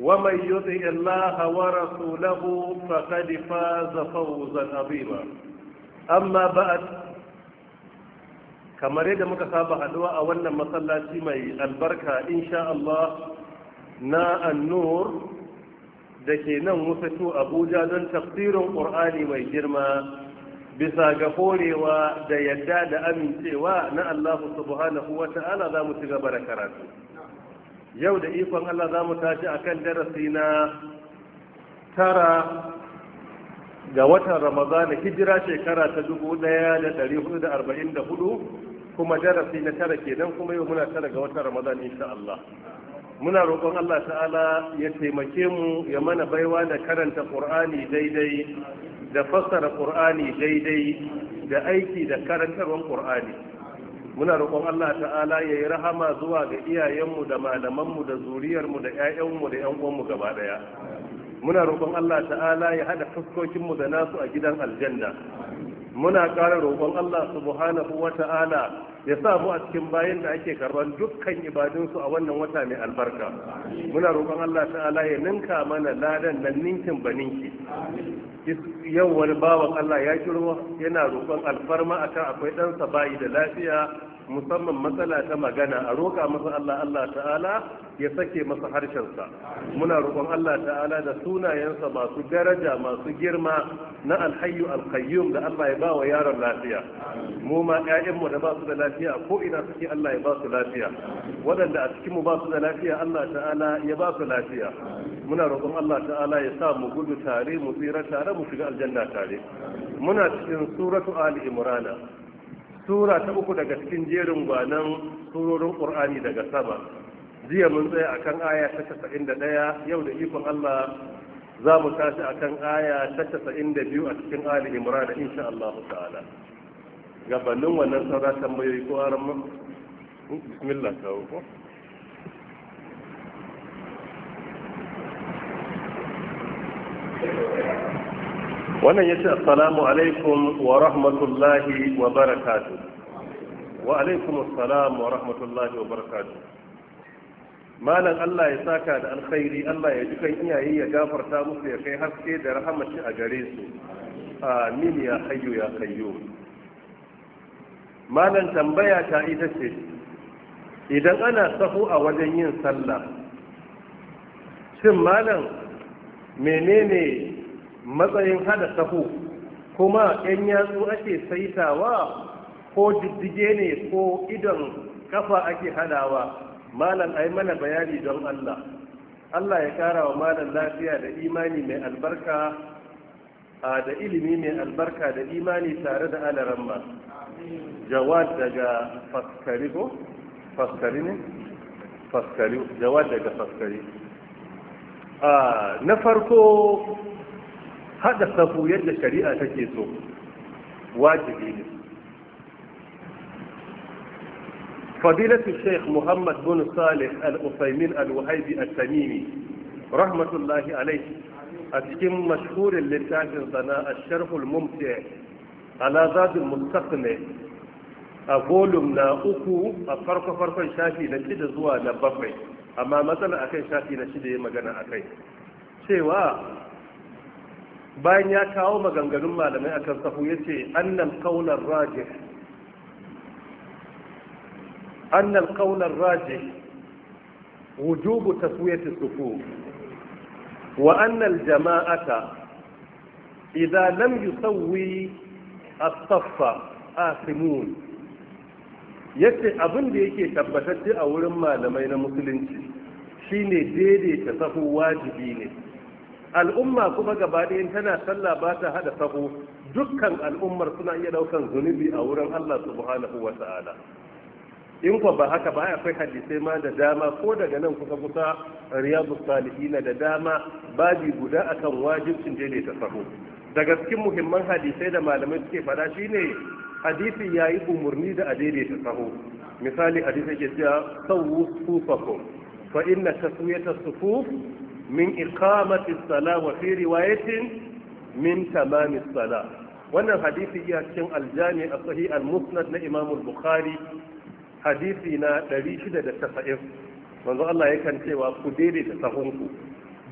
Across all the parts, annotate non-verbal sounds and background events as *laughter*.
ومن يطع الله ورسوله فقد فاز فوزا عظيما اما بعد kamar yadda muka saba haduwa a wannan masallaci mai albarka insha Allah na annur da ke nan wusatu abuja don tafsirin ƙur'ani mai girma bisa ga horewa da yadda da amincewa na Allah subhanahu wa ta'ala za mu ci gaba da karatu yau da ikon Allah za mu tashi a kan darasi na tara ga watan Ramadana hijira shekara ta dubu ɗaya da ɗari hudu da arba'in da hudu kuma darasi na tara kenan kuma yau muna tara ga watan Ramadana insha Allah. Muna roƙon Allah ta'ala ya taimake mu ya mana baiwa da karanta Ƙur'ani daidai da fassara Ƙur'ani daidai da aiki da karantarwar Ƙur'ani. muna roƙon Allah ta'ala ya yi rahama zuwa ga iyayenmu da malamanmu da zuriyarmu da 'ya'yanmu da 'yan uwanmu gaba ɗaya muna roƙon Allah ta'ala ya hada fuskokinmu da nasu a gidan aljanna muna ƙara roƙon Allah subhanahu wa ta'ala ya sa mu a cikin bayan da ake karban dukkan ibadunsu a wannan wata mai albarka muna roƙon Allah ta'ala ya ninka mana ladan nan ninkin baninki yau wani bawan Allah ya ruwa yana roƙon alfarma akan akwai ɗansa bayi da lafiya musamman matsala ta magana a roƙa masa Allah Allah ta'ala ya sake masa harshensa muna roƙon Allah ta'ala da sunayensa masu daraja masu girma na alhayyu alqayyum da Allah ya ba wa yaron lafiya mu ma ƴaƴanmu da ba su da lafiya ko ina suke Allah ya ba su lafiya waɗanda a cikin mu ba su da lafiya Allah ta'ala ya ba su lafiya muna roƙon Allah ta'ala ya sa mu gudu tare mu tsira tare mu shiga aljanna tare muna cikin suratu ali imrana sura ta uku daga cikin jerin gwanan surorin qur'ani daga sama jiya mun tsaya a kan aya ta casa'in da ɗaya yau da ikon Allah za mu tashi kan aya ta casa'in da biyu a cikin Ali Imran insha Allah ta'ala gabanin wannan saura tambayoyi ko mu? bismillah kawo ko wannan ya ce assalamu alaikum wa rahmatullahi wa barakatu wa alaikum assalam wa rahmatullahi wa barakatu malam Allah ya saka da alkhairi Allah ya dukan iyaye ya gafarta musu ya kai haske da rahamaci a gare su amin ya hayyu ya qayyum malam tambaya ta ita ce idan ana sahu a wajen yin sallah shin malam menene matsayin hada sahu kuma yan yatsu ake saitawa ko diddige ne ko idon kafa ake hadawa malam ai mana bayani don Allah Allah ya kara wa malam lafiya da imani mai albarka da ilimi mai albarka da imani tare da ma jawad daga faskari ko faskari ne faskari jawad daga faskari na farko hada safu yadda shari'a take so wajibi ne فضيلة الشيخ محمد بن صالح الأثيمين الوهيبي التميمي رحمة الله عليه أتكم مشهور للتاج الغناء الشرح الممتع على ذات المستقنع أقولم لا أكو أفرق فرق شافي نشد زوا نبقي أما مثلا أكي شافي نشد مغانا أكي شيوا bayan ya kawo maganganun malamai akan sahu yace annal qawlan rajih أن القول الراجح وجوب تسوية الصفوف وأن الجماعة إذا لم يسوي الصف آثمون yace abin da yake tabbatacce a wurin malamai na musulunci shine daidaita sahu wajibi ne al'umma kuma gaba ɗayan tana sallah ba ta hada sahu dukkan al'ummar suna iya daukan zunubi a wurin Allah subhanahu wa ta'ala in ko ba haka ba akwai hadisai ma da dama ko daga nan kusa kusa riyadu salihina da dama babi guda akan wajibcin ta sahu daga cikin muhimman hadisai da malamai suke fada shine hadisi yayi umurni da a ta sahu misali hadisi ke cewa sawu sufakum fa inna taswiyata sufuf min iqamati as wa fi riwayatin min tamamis sala wannan hadisi iya cikin aljami a sahih al-musnad na imam al-bukhari hadisi na 690 manzo Allah yakan cewa ku daidaita sahunku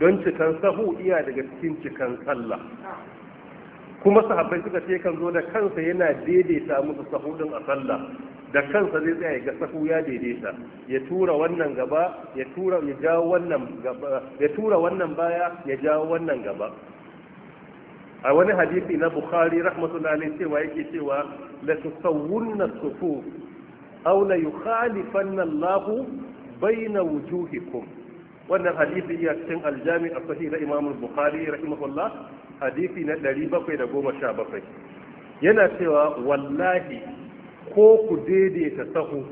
don cikan sahu iya daga cikin cikan sallah kuma sahabbai suka ce kan zo da kansa yana daidaita musu sahu din a sallah da kansa zai tsaya ga sahu ya daidaita ya tura wannan gaba ya tura ya jawo wannan gaba ya tura wannan baya ya jawo wannan gaba a wani hadisi na bukhari rahmatullahi alaihi cewa yake cewa la tusawwunna sufuf aw la yukhalifanna Allahu baina wujuhikum wannan hadisi ya cikin aljami a sahih na Imam Bukhari rahimahullah hadisi na 717 yana cewa wallahi ko ku daidaita sahu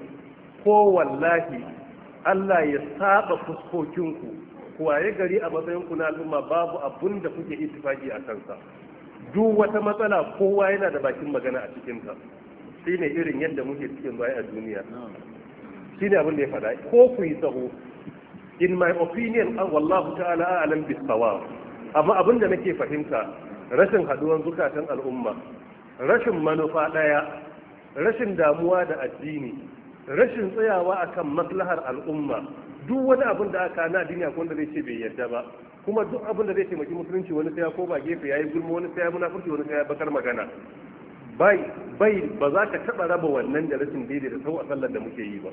ko wallahi Allah ya saba fuskokinku waye gari a matsayinku na al'umma babu abun da kuke ittifaki a kansa duk wata matsala kowa yana da bakin magana a cikinta shine irin yadda muke cikin baya a duniya shine abin da ya faɗa ko ku yi tsaho in my opinion ah, wallahu ta'ala a'lam bis amma abin da nake fahimta rashin haduwan zukatan al'umma rashin manufa ɗaya, rashin damuwa da addini rashin tsayawa akan maslahar al'umma duk wani abin da aka na duniya ko wanda zai ce bai yarda ba kuma duk abin da zai taimaki musulunci wani sai ko ba gefe yayi gulma wani sai munafurci wani sai bakar magana bai bai ba za ka taɓa raba wannan da rashin daidai da sau a sallar da muke yi ba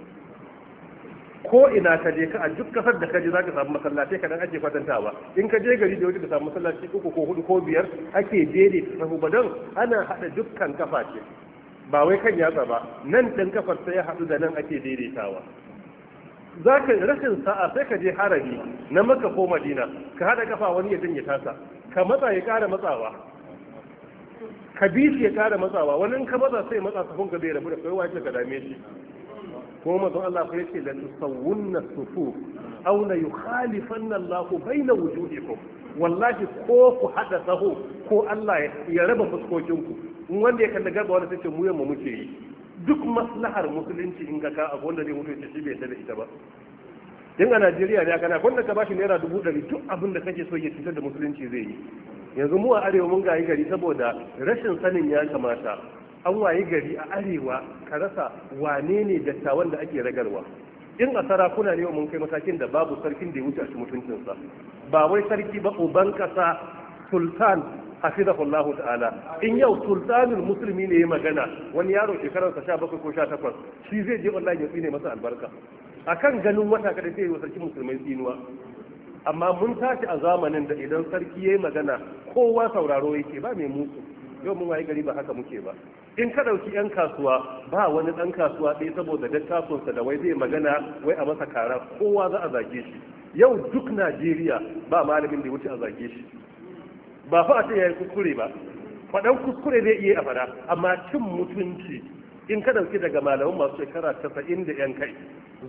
ko ina ka je ka a duk kasar da ka je za ka samu masallatai kadan ake kwatantawa in ka je gari da wajen ka samu masallaci uku ko hudu ko biyar ake daidaita sahu ba don ana haɗa dukkan kafa ce ba wai kan yatsa ba nan ɗin kafar sai ya haɗu da nan ake daidaitawa za ka rashin sa'a sai ka je harami na maka ko madina ka haɗa kafa wani ya janye tasa ka matsa ya ƙara matsawa Kabir ya kara matsawa wani in ka matsa sai matsa safin ka bai rabu da kai wace ka dame shi Ko mazan Allah ku yace la tusawwunna sufu aw la yukhalifanna Allah baina wujuhikum wallahi ko ku hada sahu, ko Allah ya raba fuskokin ku wanda ya kalla gaba wanda sai mu yamma muke yi duk maslahar musulunci in ga ka a wanda zai mutunci shi bai da ita ba in a Najeriya ne kana wanda ka bashi naira dubu ɗari duk abin da kake so ya cutar da musulunci zai yi yanzu mu a arewa mun gayi gari saboda rashin sanin ya kamata an waye gari a arewa ka rasa wane ne dattawan da ake ragarwa in a sarakuna ne mun kai matakin da babu sarkin da ya wuce a mutuncinsa ba wai sarki ba uban kasa sultan hafizahullahu ta'ala in yau sultanul musulmi ne ya magana wani yaro shekararsa sa bakwai ko sha takwas shi zai je wallahi ya tsine masa albarka akan ganin wata kada sai ya sarki musulmai tsinuwa amma mun tashi a zamanin da idan sarki ya yi magana kowa sauraro yake ba mai musu yau mun waye gari ba haka muke ba in ka dauki yan kasuwa ba wani ɗan kasuwa ɗaya saboda dattakonsa da wai zai magana wai a masa kara kowa za a zage shi yau duk Najeriya ba malamin da wuce a zage shi ba fa a ce yayi kuskure ba faɗan kuskure zai iya a faɗa amma cin mutunci in ka dauki daga malamin masu shekara 90 da yan kai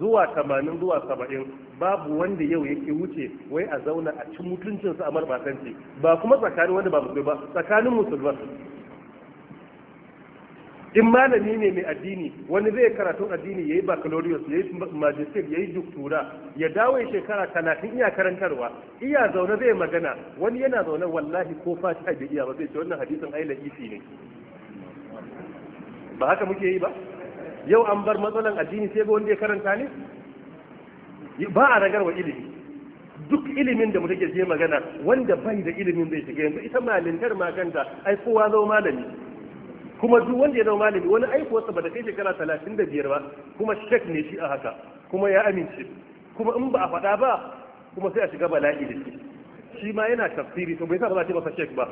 zuwa tamanin zuwa saba'in babu wanda yau yake wuce wai a zauna a ci mutuncinsa a marbatanci ba kuma tsakanin wanda ba musulmi ba tsakanin musulman in malami ne mai addini wani zai karatun addini ya yi baccalaureus ya yi magistrate ya yi doktora ya dawo ya shekara talatin iya karantarwa iya zaune zai magana wani yana zaune wallahi ko a bai iya ba zai ce wannan hadisin ai laifi ne ba haka muke yi ba yau an bar matsalan addini sai ga wanda ya karanta ne ba a wa ilimi duk ilimin da mutum ke magana wanda bai da ilimin zai shiga yanzu ita malintar maganta ai kowa zama malami kuma duk wanda ya zama malami wani aikuwarsa ba da kai shekara talatin da biyar ba kuma shek ne shi a haka kuma ya amince kuma in ba a faɗa ba kuma sai a shiga bala'i da shi shi ma yana tafsiri to bai sa ba za ta masa shek ba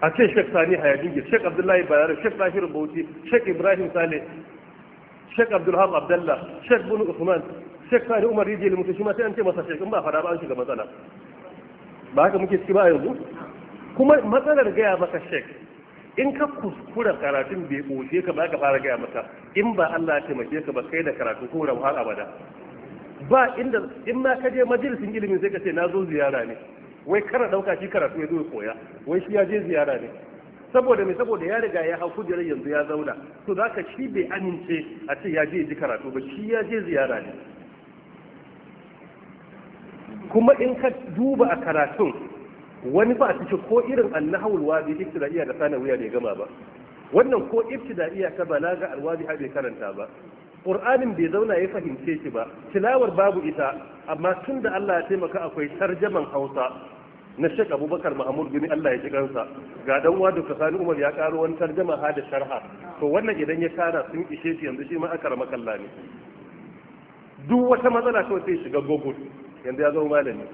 a ce shek sani hayadingi shek abdullahi bayero shek tahir Bauti, shek ibrahim sale shek abdulham abdallah shek bunu usman shek sani umar rijiyar mutu shi ma sai an ce masa shek in ba fara ba an shiga matsala ba haka muke ciki ba yanzu kuma matsalar gaya maka shek in ka kuskura karatun bai ɓoce ka ba ka fara gaya maka in ba Allah ya taimake ka ba kai da karatu ko har abada ba inda in ma ka je majalisin ilimin sai ka ce na zo ziyara ne wai kara dauka shi karatu ya zo ya koya wai shi ya je ziyara ne saboda mai saboda ya riga ya hau kujerar yanzu ya zauna to zaka ka shi bai amince a ce ya je ji karatu ba shi ya je ziyara ne kuma in ka duba a karatun wani ba a cikin ko irin annahawul wazi ibtidaiya da da bai gama ba wannan ko iya ta balaga alwabi bai karanta ba qur'anin bai zauna ya fahimce shi ba tilawar babu ita amma tun da Allah ya taimaka akwai tarjaman Hausa na Sheikh Abubakar mahamud gini Allah ya ji kansa ga dan wa Dr. Sani Umar ya karo wani tarjuma ha da sharha to wannan idan ya kara sun ishe shi yanzu shi ma aka rama kalla ne duk wata matsala ko sai shiga Google yanzu ya zama malami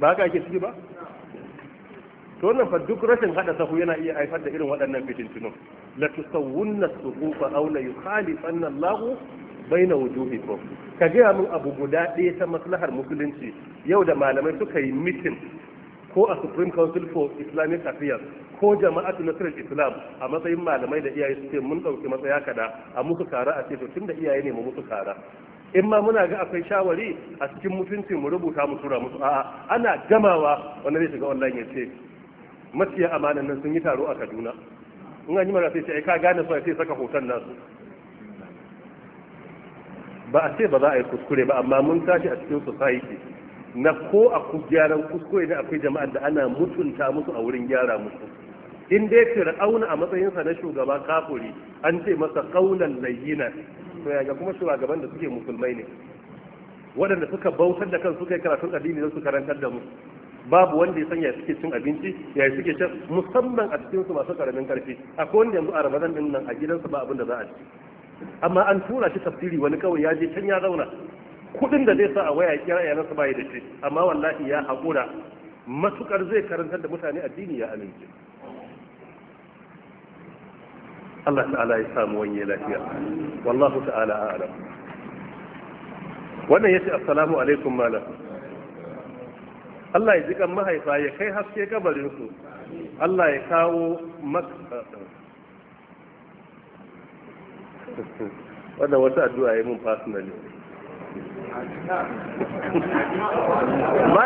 ba haka ake ciki ba to wannan fa duk rashin hada sahu yana iya haifar da irin waɗannan fitintunun la tusawwunna as-suhufa aw la yukhalifanna Allahu baina wujuhikum ka gaya min abu guda ɗaya ta maslahar musulunci yau da malamai suka yi mitin ko a supreme council for islamic affairs ko jama'atu nasarar islam a matsayin malamai da iyaye suke mun ɗauki matsaya kada a musu kara a ce to tun da iyaye ne mu musu kara in ma muna ga akwai shawari a cikin mutunci mu rubuta mu tura musu a'a ana gamawa wanda zai shiga online ya ce mafiya amanan nan sun yi taro a kaduna in an yi mara sai ce ka gane su sai saka hoton nasu ba a ce ba za a yi kuskure ba amma mun tashi a cikin society na ko a gyaran kuskure ne akwai jama'ar da ana mutunta musu a wurin gyara musu in dai fir'auna a matsayinsa na shugaba kafuri an ce masa kaulan layyina to yaga kuma shugaban da suke musulmai ne waɗanda suka bautar da kansu suka karatu addini don su karantar da mu babu wanda ya sanya suke cin abinci ya suke can? musamman a cikin su masu karamin karfi akwai wanda yanzu a ramadan din nan a gidansa ba abin da za a ci amma an tura shi tafsiri wani kawai ya je can ya zauna kudin da zai sa a waya kira yana su bai da shi amma wallahi ya haƙura matukar zai karantar da mutane addini ya amince Allah ta'ala ya samu wanye lafiya wallahu ta'ala a'lam wannan yace assalamu alaikum malam Allah ya ji kan mahaifa ya kai haske kabarin su Allah ya kawo *laughs* wannan wata addu'a ya mun personally mun samu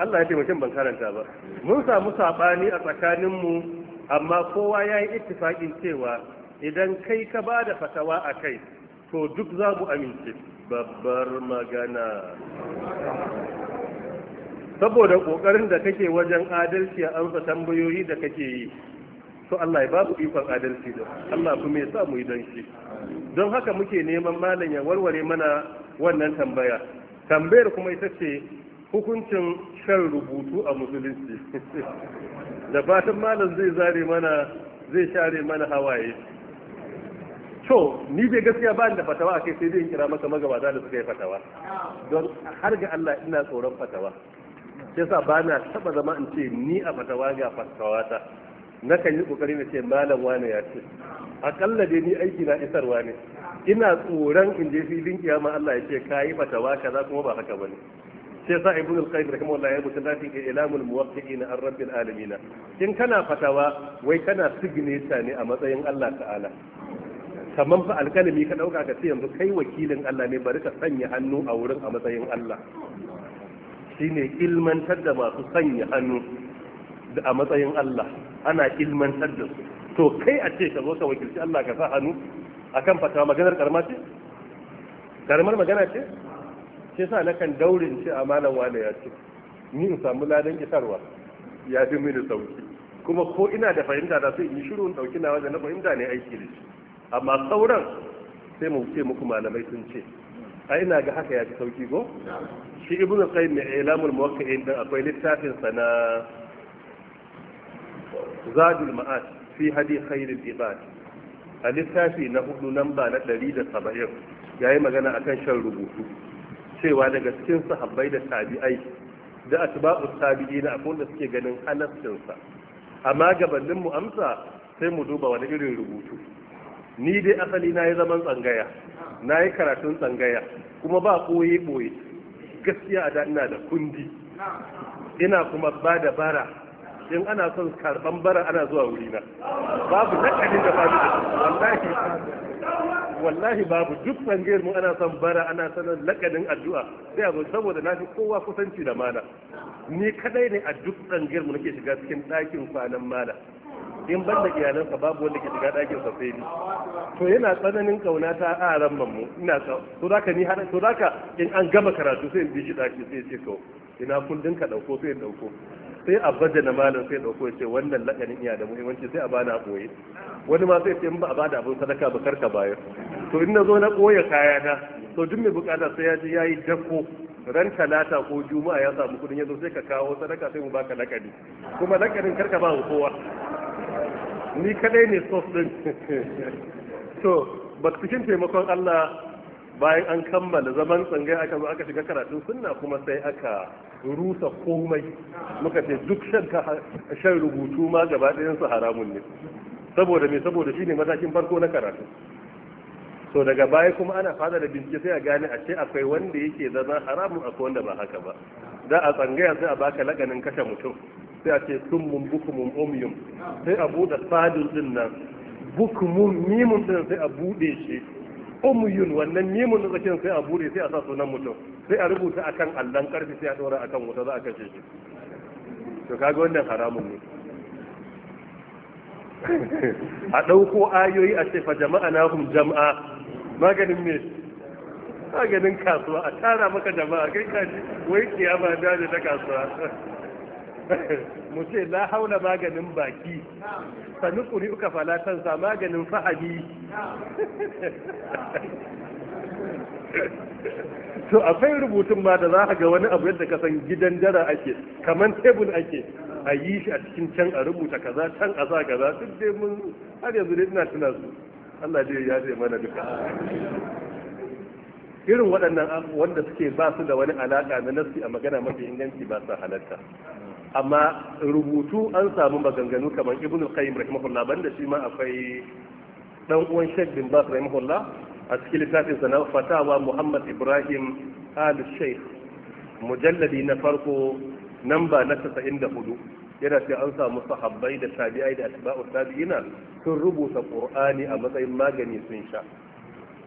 Allah ya ban karanta ba mun samu saɓani a tsakaninmu amma kowa ya yi ittifaƙin cewa idan kai ka ba da fatawa a kai to duk za mu amince babbar magana saboda ƙoƙarin da kake wajen adalci a amsa tambayoyi da kake yi to Allah ya ba mu ikon adalci da Allah kuma ya sa mu yi don shi don haka muke neman malam ya warware mana wannan tambaya tambayar kuma ita ce hukuncin shan rubutu a musulunci *laughs* da fatan malam zai zare mana zai share mana hawaye to ni bai gaskiya ba da fatawa a kai sai dai in kira maka magabata da suka yi fatawa don har ga Allah ina tsoron fatawa yasa ba na taba zama in ce ni a fatawa ga fatawata na kan yi kokari na ce malam wane ya ce akalla dai ni aiki na isarwa ne ina tsoron in je filin kiyama Allah ya ce kayi fatawa kaza kuma ba haka bane sai sa ibn al-qayyim rahimahullah ya rubuta da ke ilamul muwaqqi'ina ar rabbil alamin in kana fatawa wai kana signata ne a matsayin Allah ta'ala kamar fa alkalami ka dauka ka ce yanzu kai wakilin Allah ne bari ka sanya hannu a wurin a matsayin Allah shine ilmantar da masu sanya hannu a matsayin Allah ana ilmantar da su to kai a ce ka zo ka wakilci Allah ka sa hannu akan fatawa maganar karma ce karmar magana ce sai sa na kan daurin ce a malam wane ya ce ni in samu ladan isarwa ya fi mini sauki kuma ko ina da fahimta da su in shiru in dauki nawa da na fahimta ne aiki da shi amma sauran sai mu ce muku malamai sun ce a ina ga haka ya fi sauki go shi ibnu qayyim mai ilamul muwaqqi'in dan akwai littafin sa na zadul ma'ad fi hadi khairul ibad a littafi na hudu namba na 170 yayi magana akan shan rubutu cewa daga cikin sahabbai da tabi'ai da atba'u tabi'ina akwai da suke ganin halaccin sa amma gabanin mu amsa sai mu duba wani irin rubutu ni dai asali na yi zaman tsangaya na yi karatun tsangaya kuma ba koye boye gaskiya a da ina da kundi ina kuma ba da bara in ana son karban bara ana zuwa wurina babu nakalin da babu wallahi wallahi babu duk tsangayar mu ana son bara ana son lakadin addu'a sai a zo saboda na fi kowa kusanci da mala ni kadai ne a duk tsangayar mu nake shiga cikin ɗakin kwanan mala in ban da iyalansa babu wanda ke shiga ɗakin sa sai ni to yana tsananin kauna ta a ran mu ina ka to zaka ni to zaka in an gama karatu sai in bi shi ɗaki sai ce to ina kullun ka dauko sai in dauko sai a na malam sai dauko ya ce wannan lakanin iya da muhimmanci sai a bana boye wani ma sai ce in ba a bada abin sadaka ba karka bayar to in na zo na koya kaya na to duk mai bukata sai ya ji yayi dako ran talata ko juma'a ya samu kudin yazo sai ka kawo sadaka sai mu baka lakani kuma lakanin karka ba kowa ni kadai ne sosai din *laughs* to ba cikin taimakon Allah bayan an kammala zaman tsangai aka zo aka shiga karatu sunna kuma sai aka rusa komai muka ce duk shan rubutu ma gaba ɗayan su haramun ne saboda me saboda shine matakin farko na karatu so daga baya kuma ana fada da bincike sai a gane a ce akwai wanda yake zama haramun akwai wanda ba haka ba za a tsangaya sai a baka laganin kashe mutum sai a ce summun bukumun umyum sai a buɗe fadin din nan bukumun mimun din sai a buɗe shi umyun wannan mimun lokacin sai a bude sai a sa sunan mutum sai a rubuta akan allan karfi sai a dora akan wuta za a kashe shi to kaga wannan haramun ne *laughs* a ɗauko ayoyi a ce fa jama'a na hum jama'a maganin me maganin kasuwa a tara maka jama'a kai kaji wai kiyama da ta kasuwa *laughs* *laughs* mu ce la haula maganin baki sani kuri uka falatan maganin fahadi *laughs* to akwai rubutun ma da za ga wani abu yadda ka san gidan dara ake kaman tebul ake a yi shi a cikin can a rubuta kaza can a sa kaza duk dai mun har yanzu dai ina tuna su Allah dai ya ce mana duka irin waɗannan wanda suke ba su da wani alaƙa na nasi a magana mafi inganci ba su halatta amma rubutu an samu maganganu kamar ibn al-qayyim rahimahullah banda shi ma akwai dan uwan shaykh bin Bas rahimahullah a cikin littafin sa na fatawa Muhammad Ibrahim al-Sheikh mujalladi na farko namba na 94 yana ce an samu sahabbai da tabi'ai da atba'u tabi'ina sun rubuta Qur'ani a matsayin magani sun sha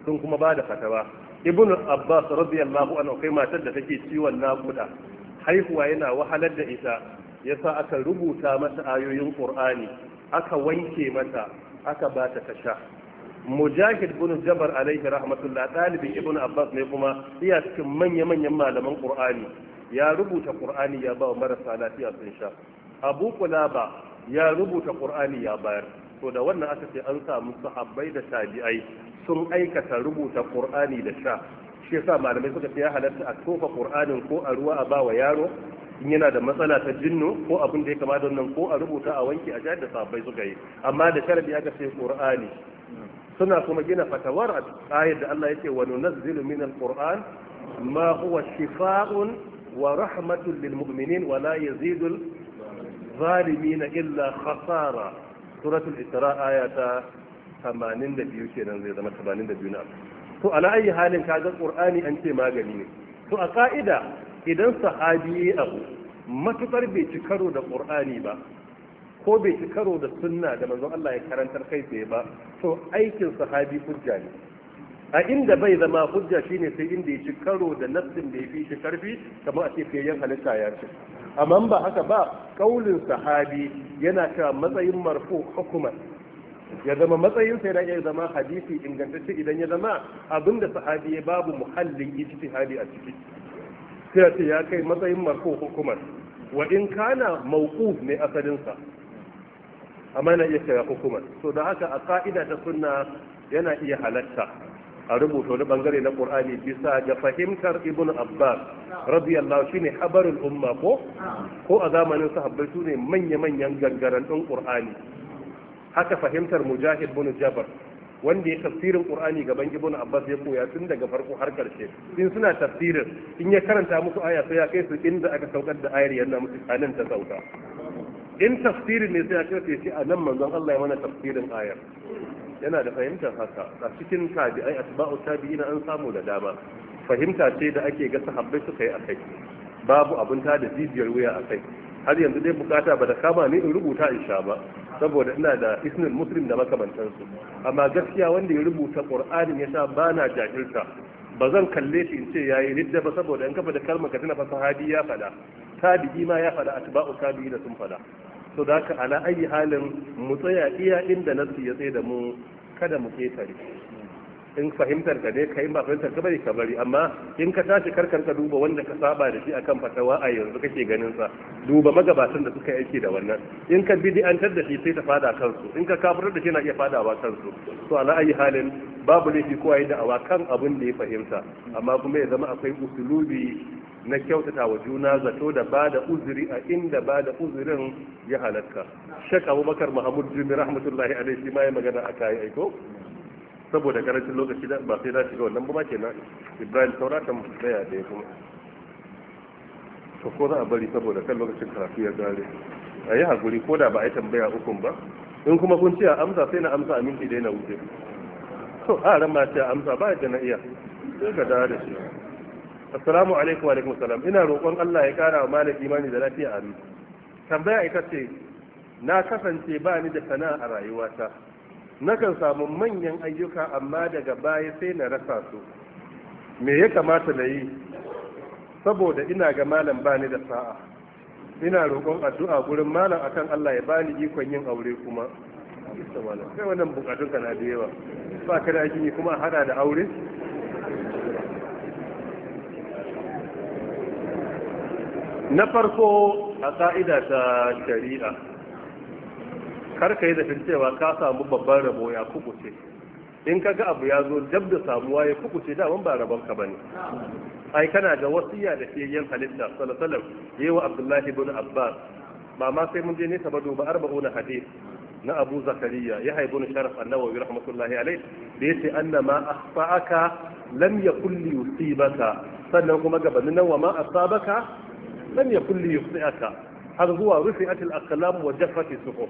sun kuma ba da fatawa ibn Abbas radiyallahu anhu kai matar da take ciwon naƙuda haihuwa yana wahalar da ita yasa aka rubuta mata ayoyin qur'ani aka wanke mata aka ba ta tasha mujahid bin jabar alaihi rahmatullah ɗalibin ibn abbas ne kuma iya cikin manya-manyan malaman qur'ani ya rubuta qur'ani ya ba wa marasa lafiya sun sha abu kulaba ya rubuta qur'ani ya bayar to da wannan aka ce an samu sahabbai da tabi'ai sun aikata rubuta qur'ani da sha shi sa malamai suka ce halatta a tofa qur'anin ko a ruwa a bawa yaro in yana da matsala ta jinnu ko abin da ya kama da wannan ko a rubuta a wanki a jihar da sabai suka yi amma da sharadi aka ce qur'ani suna kuma gina fatawar a ayar da Allah ya ce wa nunazzilu min alquran ma huwa shifaa'un wa rahmatun lil mu'minin wa la yazidu zalimina illa khasara suratul isra ta 82 kenan zai zama 82 na to ala ayi halin kaga qur'ani an ce magani ne to a ka'ida idan sahabi ya abu matukar bai ci karo da qur'ani ba ko bai ci karo da sunna da manzon Allah ya karantar kai tsaye ba to aikin sahabi hujja ne a inda bai zama hujja shine sai inda ya ci karo da nassin da ya fi shi karfi kamar a ce fiyayyen halitta ya ce amma ba haka ba kaulin sahabi yana ta matsayin marfu hukumar ya zama matsayinsa yana iya zama hadisi ingantacce idan ya zama abinda sahabi ya babu muhallin ijtihadi a ciki sai ce ya kai matsayin marko hukumar wa in kana mauquf ne asalin sa amma na iya cewa hukumar so da haka a ka'ida ta sunna yana iya halatta a rubuta wani bangare na qur'ani bisa ga fahimtar ibn abbas radiyallahu shine habarul umma ko ko a zamanin sahabbai sune manya-manyan gangaran din qur'ani haka fahimtar mujahid bin jabar wanda ya tafsirin qur'ani gaban ibnu abbas ya koya tun daga farko har karshe in suna tafsirin in ya karanta musu aya sai ya kai su inda aka saukar da ayar yana musu anan ta sauka in tafsirin ne sai ya kai su a nan manzon Allah ya mana tafsirin ayar yana da fahimtar haka a cikin tabi'ai asba'u tabi'in an samu da dama fahimta ce da ake ga sahabbai suka yi akai babu abin ta da jijiyar wuya akai har yanzu dai bukata ba da kama ne in rubuta in sha ba saboda ina da isnin muslim da makamantansu amma gaskiya wanda ya rubuta qur'anin ya sa ba na jahilta ba zan kalle shi in ce yayi ridda ba saboda in kafa da kalmar ka tana sahabi ya fada tabi'i ma ya fada atba'u tabi'i da sun fada to da haka ala ayi halin mu tsaya iya inda nasu ya tsaye da mu kada mu ketare in fahimtar ka ne kai ba fahimtar ka bari ka bari amma in ka tashi karkar ka duba wanda ka saba da shi akan fatawa a yanzu kake ganin sa duba magabatan da suka aiki da wannan in ka bi an tar da shi sai ta fada kansu in ka kafir da shi na iya fadawa kansu to ala ayi halin babu laifi ko ayi awa kan abin da ya fahimta amma kuma ya zama akwai usulubi na kyautata wa juna zato da ba da uzuri a inda ba da uzurin ya halatta shek abubakar mahamud jimi rahmatullahi alaihi ma ya magana a kayi aiko saboda karancin lokaci ba sai za ga wannan ba kenan ibrahim saura ta tsaya da ya kuma to ko za a bari saboda kan lokacin karatu ya gare a yi hakuri ko da ba a yi tambaya ukun ba in kuma kun ce a amsa sai na amsa a minti dai na wuce to a ran ma ce a amsa ba yadda na iya sai ka dawo da shi assalamu alaikum wa alaikum salam ina roƙon Allah ya ƙara wa malam imani da lafiya amin tambaya ita ce na kasance ba ni da sana'a a rayuwata nakan samu manyan ayyuka amma daga baya sai na rasa su me ya kamata na yi saboda ina ga malam bani da sa'a ina roƙon addu'a gurin malam akan Allah ya bani ikon yin aure kuma kai wannan bukatun ka na da yawa ba ka da yi kuma hada da aure na farko a ƙa'ida ta shari'a kar ka yi zafin cewa ka samu babban rabo ya kukuce in ka ga abu ya zo jab da samuwa ya kukuce daman ba rabon ka bane ai kana da wasiya da yin halitta sallallahu yi wa abdullahi ibn abbas ba ma sai mun je nesa ba duba arba'una hadith na abu zakariya ya haibu sharaf wa rahmatullahi alai da yace anna ma akhfa'aka lam yakul ba yusibaka sannan kuma gabanin nan wa ma asabaka lam kulli li yusibaka har zuwa rufi'atul aqlam wa jaffati suhuf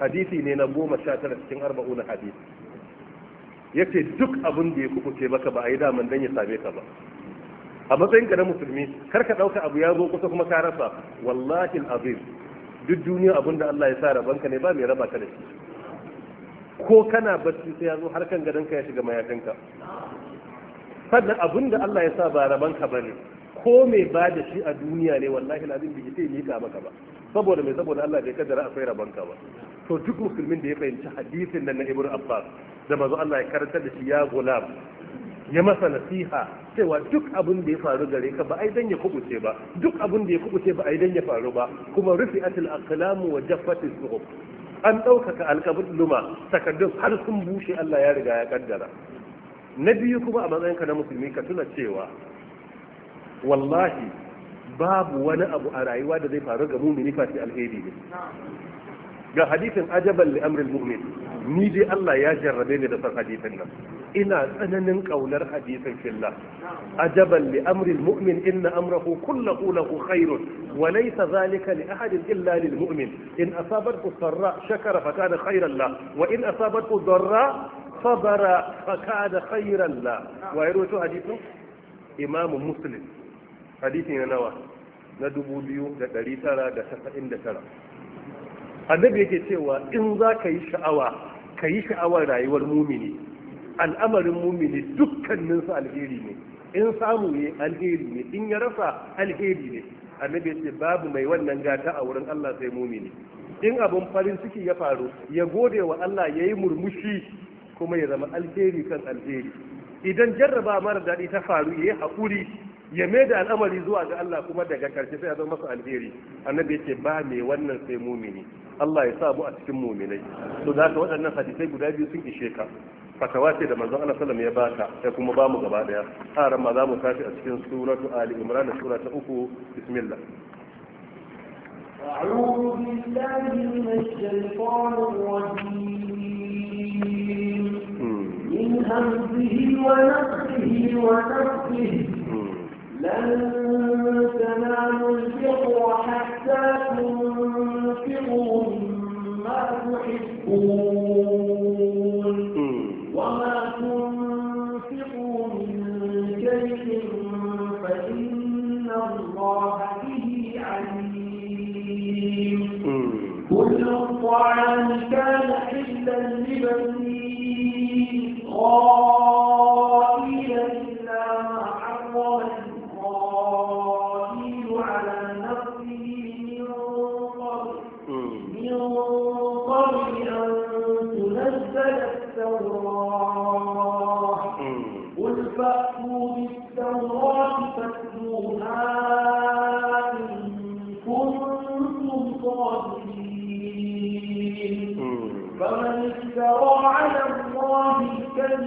hadisi ne na goma sha tara cikin arba'una hadisi ce, duk abin da ya kubuce maka ba a yi daman dan ya same ka ba a matsayin ka na musulmi kar ka ɗauka abu ya zo kusa kuma ka rasa wallahi azim duk duniya abin da Allah ya sa rabanka ne ba mai raba ka da shi ko kana bacci sai ya zo har kan gadonka ya shiga mayafinka sannan abin da Allah ya sa ba rabanka ne. ko mai ba da shi a duniya ne wallahi lazim bai sai mika maka ba saboda mai saboda Allah bai kaddara akwai rabanka ba to duk musulmin da ya fahimci hadisin nan na Ibn Abbas da mazo Allah ya karantar da shi ya gulam ya masa nasiha cewa duk abin da ya faru gare ka ba ai dan ya kubuce ba duk abin da ya kubuce ba ai dan ya faru ba kuma rufi'atul aqlam wa jaffatis suhuf an ɗaukaka luma takardun har sun bushe Allah ya riga ya kaddara na biyu kuma a matsayinka na musulmi ka tuna cewa wallahi babu wani abu a rayuwa da zai faru ga mumini fati alheri ne ga hadisin ajaban li amril mu'min ni dai Allah ya jarrabe ni da san hadisin nan ina tsananin ƙaunar hadisin fillah ajaban li amril mu'min inna amrahu kullahu lahu khairun wa laysa zalika li ahadin illa lil mu'min in asabathu sarra shakara fa kana khairan la wa in asabathu darra sabara fa kana khairan la wa yaro hadisin imamu muslim hadisi na nawa na da da da tara 2999 annabi yake cewa in za ka yi sha'awa ka yi sha'awar rayuwar mumini al'amarin mumini dukkaninsu alheri ne in samu ne alheri ne in ya rasa alheri ne annabi ce babu mai wannan gata a wurin Allah sai mumini in abin farin ciki ya faru ya gode wa Allah ya yi murmushi kuma ya zama alheri kan alheri idan jarraba mara daɗi ta faru ya yi haƙuri ya mai da al'amari zuwa ga Allah kuma daga karshe sai ya zama masa alheri annabi yake ba mai wannan sai mumini Allah ya sa mu a cikin muminai to da ka waɗannan hadisai guda biyu sun ishe ka fatawa ce da manzon Allah ya baka sai kuma ba mu gaba daya haram ma za mu tashi a cikin suratu ali imran sura ta uku bismillah أعوذ بالله من الشيطان الرجيم من همزه ونفسه ونفسه لن حتى تنفقوا تحبون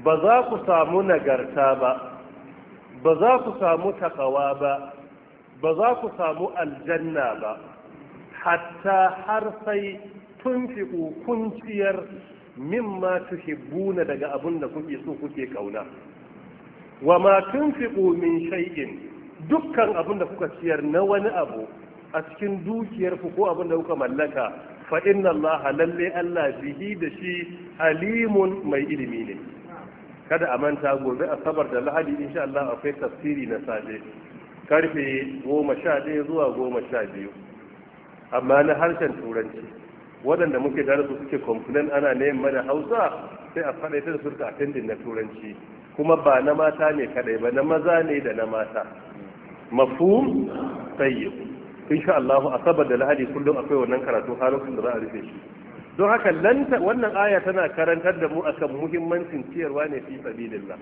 ba za ku samu nagarta ba ba za ku samu takawa ba ba za ku samu aljanna ba hatta har sai tun fi kunciyar mimma tuhibbuna daga abin da kuke so kuke kauna wa ma tunfiqu min shay'in dukkan abin da kuka ciyar na wani abu a cikin dukiyar ku ko abin da kuka mallaka fa inna allaha lalle allah bihi da shi alimun mai ilimi ne kada a manta gobe a sabar da lahadi insha Allah akwai tafsiri na safe karfe goma zuwa goma amma na harshen turanci waɗanda muke da su suke complain ana neman mana hausa sai a faɗa ta su ta na turanci kuma ba na mata ne kaɗai ba na maza ne da na mata mafhum tayyib insha Allah a sabar da lahadi kullum akwai wannan karatu har da za a rufe shi don haka wannan aya tana karantar da mu akan muhimmancin ciyarwa ne fi sabilillah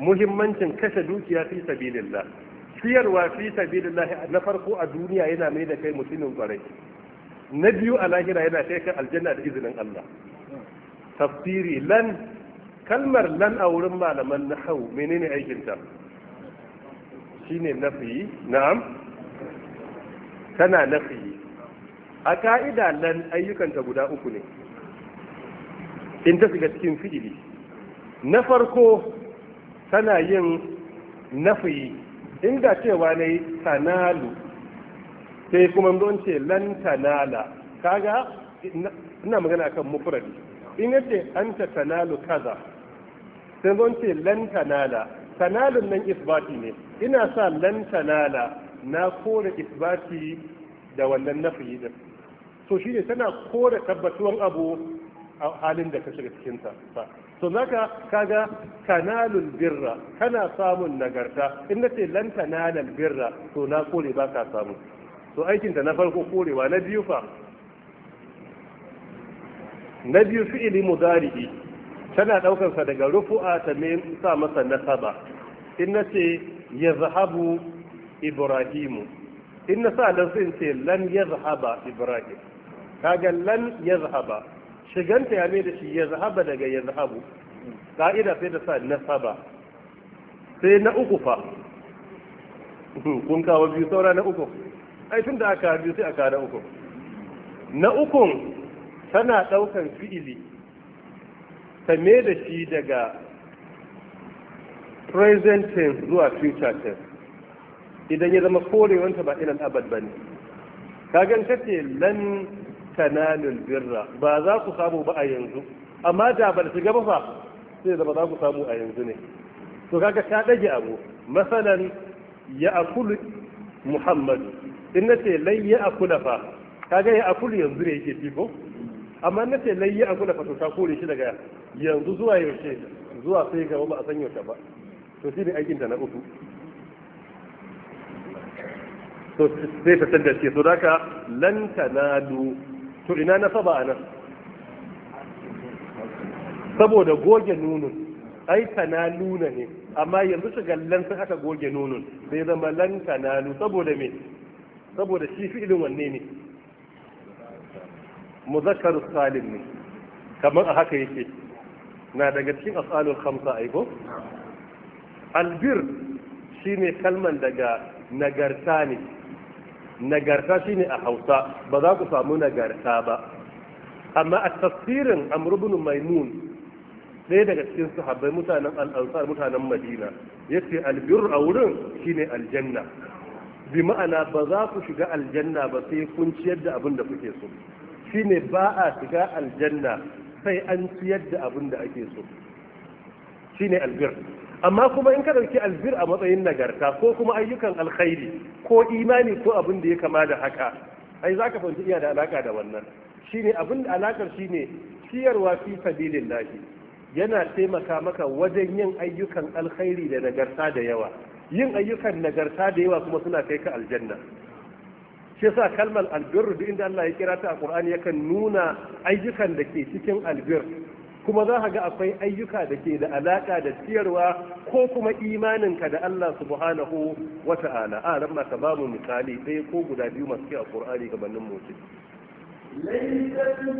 muhimmancin kashe dukiya fi sabilillah ciyarwa fi sabilillah na farko a duniya yana mai da kai mutumin kwarai na biyu a lahira yana kai ka aljanna da izinin Allah tafsiri lan kalmar lan a wurin malaman na nahau menene aikin ta shine nafi na'am tana nafi a ka'ida lan ayyukanta guda uku ne in ta shiga cikin fi'ili na farko tana yin nafi inda cewa ne tanalu sai kuma don ce lan tanala kaga ina magana kan mufradi in yace ta tanalu kaza sai don ce lan tanala tanalun nan isbati ne ina sa lan tanala na kore isbati da wannan nafi din to ne tana kore tabbatuwan abu a halin da ka shiga cikin ta to zaka kaga kanalul birra kana samun nagarta in nace lan kanalul birra to na kore ba ka samu to aikin ta na farko korewa na biyu fa na biyu fi'ili mudari'i tana daukar sa daga rufu'a ta me sa masa nasaba in nace yazhabu ibrahimu in na sa sai ce lan yazhaba ibrahim kaga lan yazhaba shiganta ya mai da shi yazhaba daga yazhabu ka'ida sai da sa nasaba sai na uku fa *laughs* kun kawo biyu saura na uku ai tun da aka biyu sai aka na uku na ukun tana ɗaukan fi'ili ta me da shi daga present tense zuwa future tense idan ya zama korewanta ba ilan abad ba ne kagan ce lan tanalul birra ba za ku samu ba a yanzu amma da ba su gaba fa sai da ba za ku samu a yanzu ne to kaga ta dage abu masalan ya akulu muhammadu in na ce lai ya akula fa kaga ya akulu yanzu ne yake fiko amma na ce lai ya akula fa to ta kore shi daga yanzu zuwa yaushe zuwa sai gaba ba a san yaushe ba to shi ne aikin da na uku to sai ta sanda ce to daka lan tanalu to ina na saba a nan saboda goge nunun ai nuna ne amma yanzu su gallan aka goge nunun sai zama lan nu saboda me saboda shi fi'ilin wanne ne muzakkarus salim ne kamar a haka yake na daga cikin asalul khamsa aiko albir shine kalman daga nagarta ne nagarta shine a hausa ba za ku samu nagarta ba amma a tafsirin amrubun maimun ɗaya daga cikin sahabbai mutanen al'ansar mutanen madina ya ce albirru a wurin shine aljanna bi ma'ana ba za ku shiga aljanna ba sai kun ciyar da abin da kuke so shine ba a shiga aljanna sai an ciyar da abin da ake so shine albirru amma kuma in ka ɗauki albir a matsayin nagarta ko kuma ayyukan alkhairi ko imani ko abin da ya kama da haka ai za ka fahimci iya da alaka da wannan shine abin da alakar shine ciyarwa fi sabilillahi yana taimaka maka wajen yin ayyukan alkhairi da nagarta da yawa yin ayyukan nagarta da yawa kuma suna kai ka aljanna shi yasa kalmar albir duk inda Allah ya kira ta a Qur'ani yakan nuna ayyukan da ke cikin albir kuma za ka ga akwai ayyuka da ke da alaƙa da ciyarwa ko kuma imaninka da Allah subhanahu wa ta'ala a ran maka babu misali ɗaya ko guda biyu masu kyau a Qur'ani gabanin mutum ليس آمن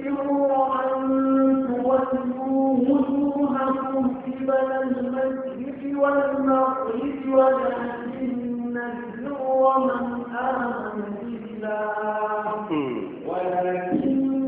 بالله *laughs* ولكن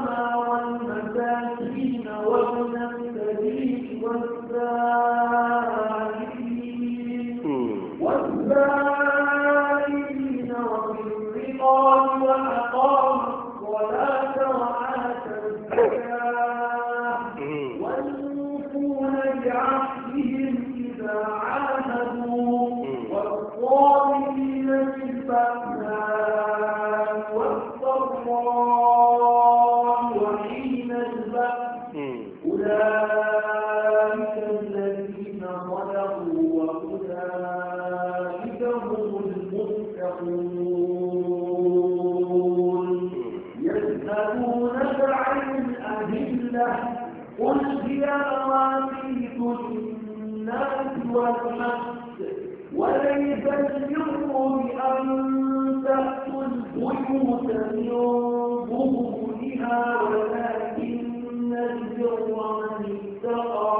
تأتوا البيوت من ظهورها ولكن البر من اتقى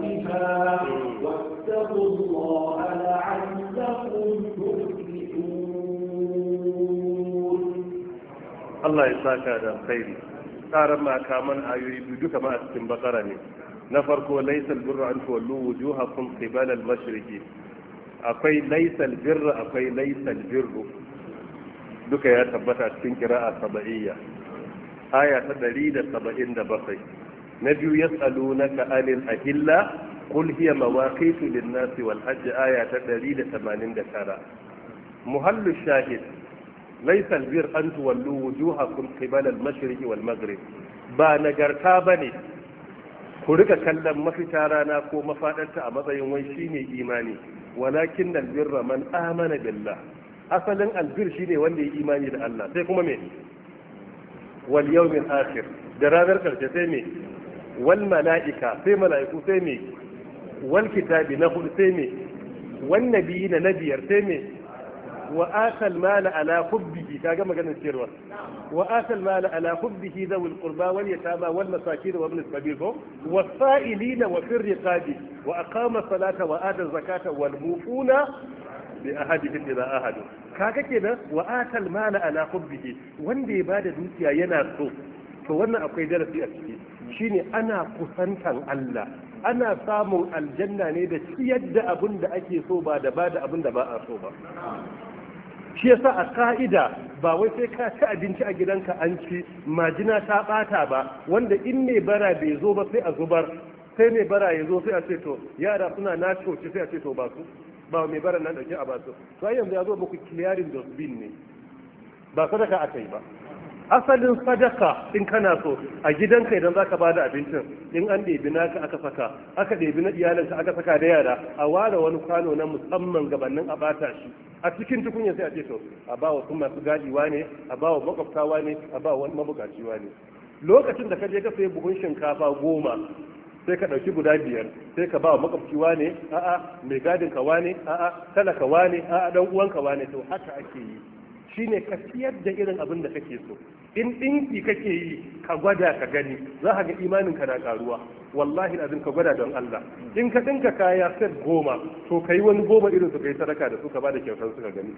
من واتقوا الله لعلكم تفلحون الله يساك هذا الخير tsarin makaman ayoyi biyu duka ma a cikin bakara ne na farko laisal birra an tuwallu wujuhakum qibal al-mashriqi akwai laisal birra akwai laisal birru duka ya tabbata cikin kira'a saba'iyya aya ta 177 na biyu yas'alunaka anil ahilla qul hiya mawaqitu lin-nasi wal hajj aya ta 189 muhallu shahid laisal albir an tuwallu wujuhakum qibala al-mashriqi wal maghrib ba nagarta bane ku rika kallon mafita rana ko mafaɗarta a matsayin wai shine imani walakin nan birra man amana billah asalin albir shi ne wanda ya imani da Allah sai kuma me wal yawmil akhir da ranar karshe sai me wal malaika sai malaiku sai me wal kitabi na hudu sai me wan nabiyina na biyar sai me wa atal mala ala hubbihi kaga maganar sirwa wa atal mala ala hubbihi zawil qurba wal yatama wal masakin wa ibn sabil ko wasailina wa fir riqabi wa aqama salata wa ata zakata wal mufuna bi ahadihim idza ahadu kaga kenan wa atal mala ala hubbihi wanda ya bada dukiya yana so to wannan akwai darasi a ciki shine ana kusantan Allah ana samun aljanna ne da ciyar da abin da ake so ba da ba da abin da ba a so ba shi yasa a ka'ida ba wai sai ka ci abinci a gidanka an ci majina ta bata ba wanda in mai bara bai zo ba sai a zubar sai mai bara ya zo sai a ce to yara suna na coci sai a ce to ba su ba mai bara nan dauke a ba su to ai yanzu ya zo muku clearing dustbin ne ba sadaka aka yi ba asalin sadaka in kana so a gidanka idan zaka bada abincin in an ɗebi naka aka saka aka ɗebi na iyalinka aka saka da yara a ware wani kwano na musamman gabanin a bata shi a cikin tukunya sai a ce to a ba sun masu gadiwa ne a ba wa makwabtawa ne a ba wa mabukaciwa ne lokacin da ka je ka sayi buhun shinkafa goma sai ka ɗauki guda biyar sai ka ba wa makwabci wane a'a mai gadin ka wane a'a talaka wane a'a ɗan uwanka wane to haka ake yi shine ka siyar da irin abin da kake so in ɗinki kake yi ka gwada ka gani za a ga imanin ka na karuwa wallahi azin ka gwada don Allah in ka ɗinka kaya set goma to ka yi wani goma irin su ka yi sadaka da su ka bada kyautar su ka gani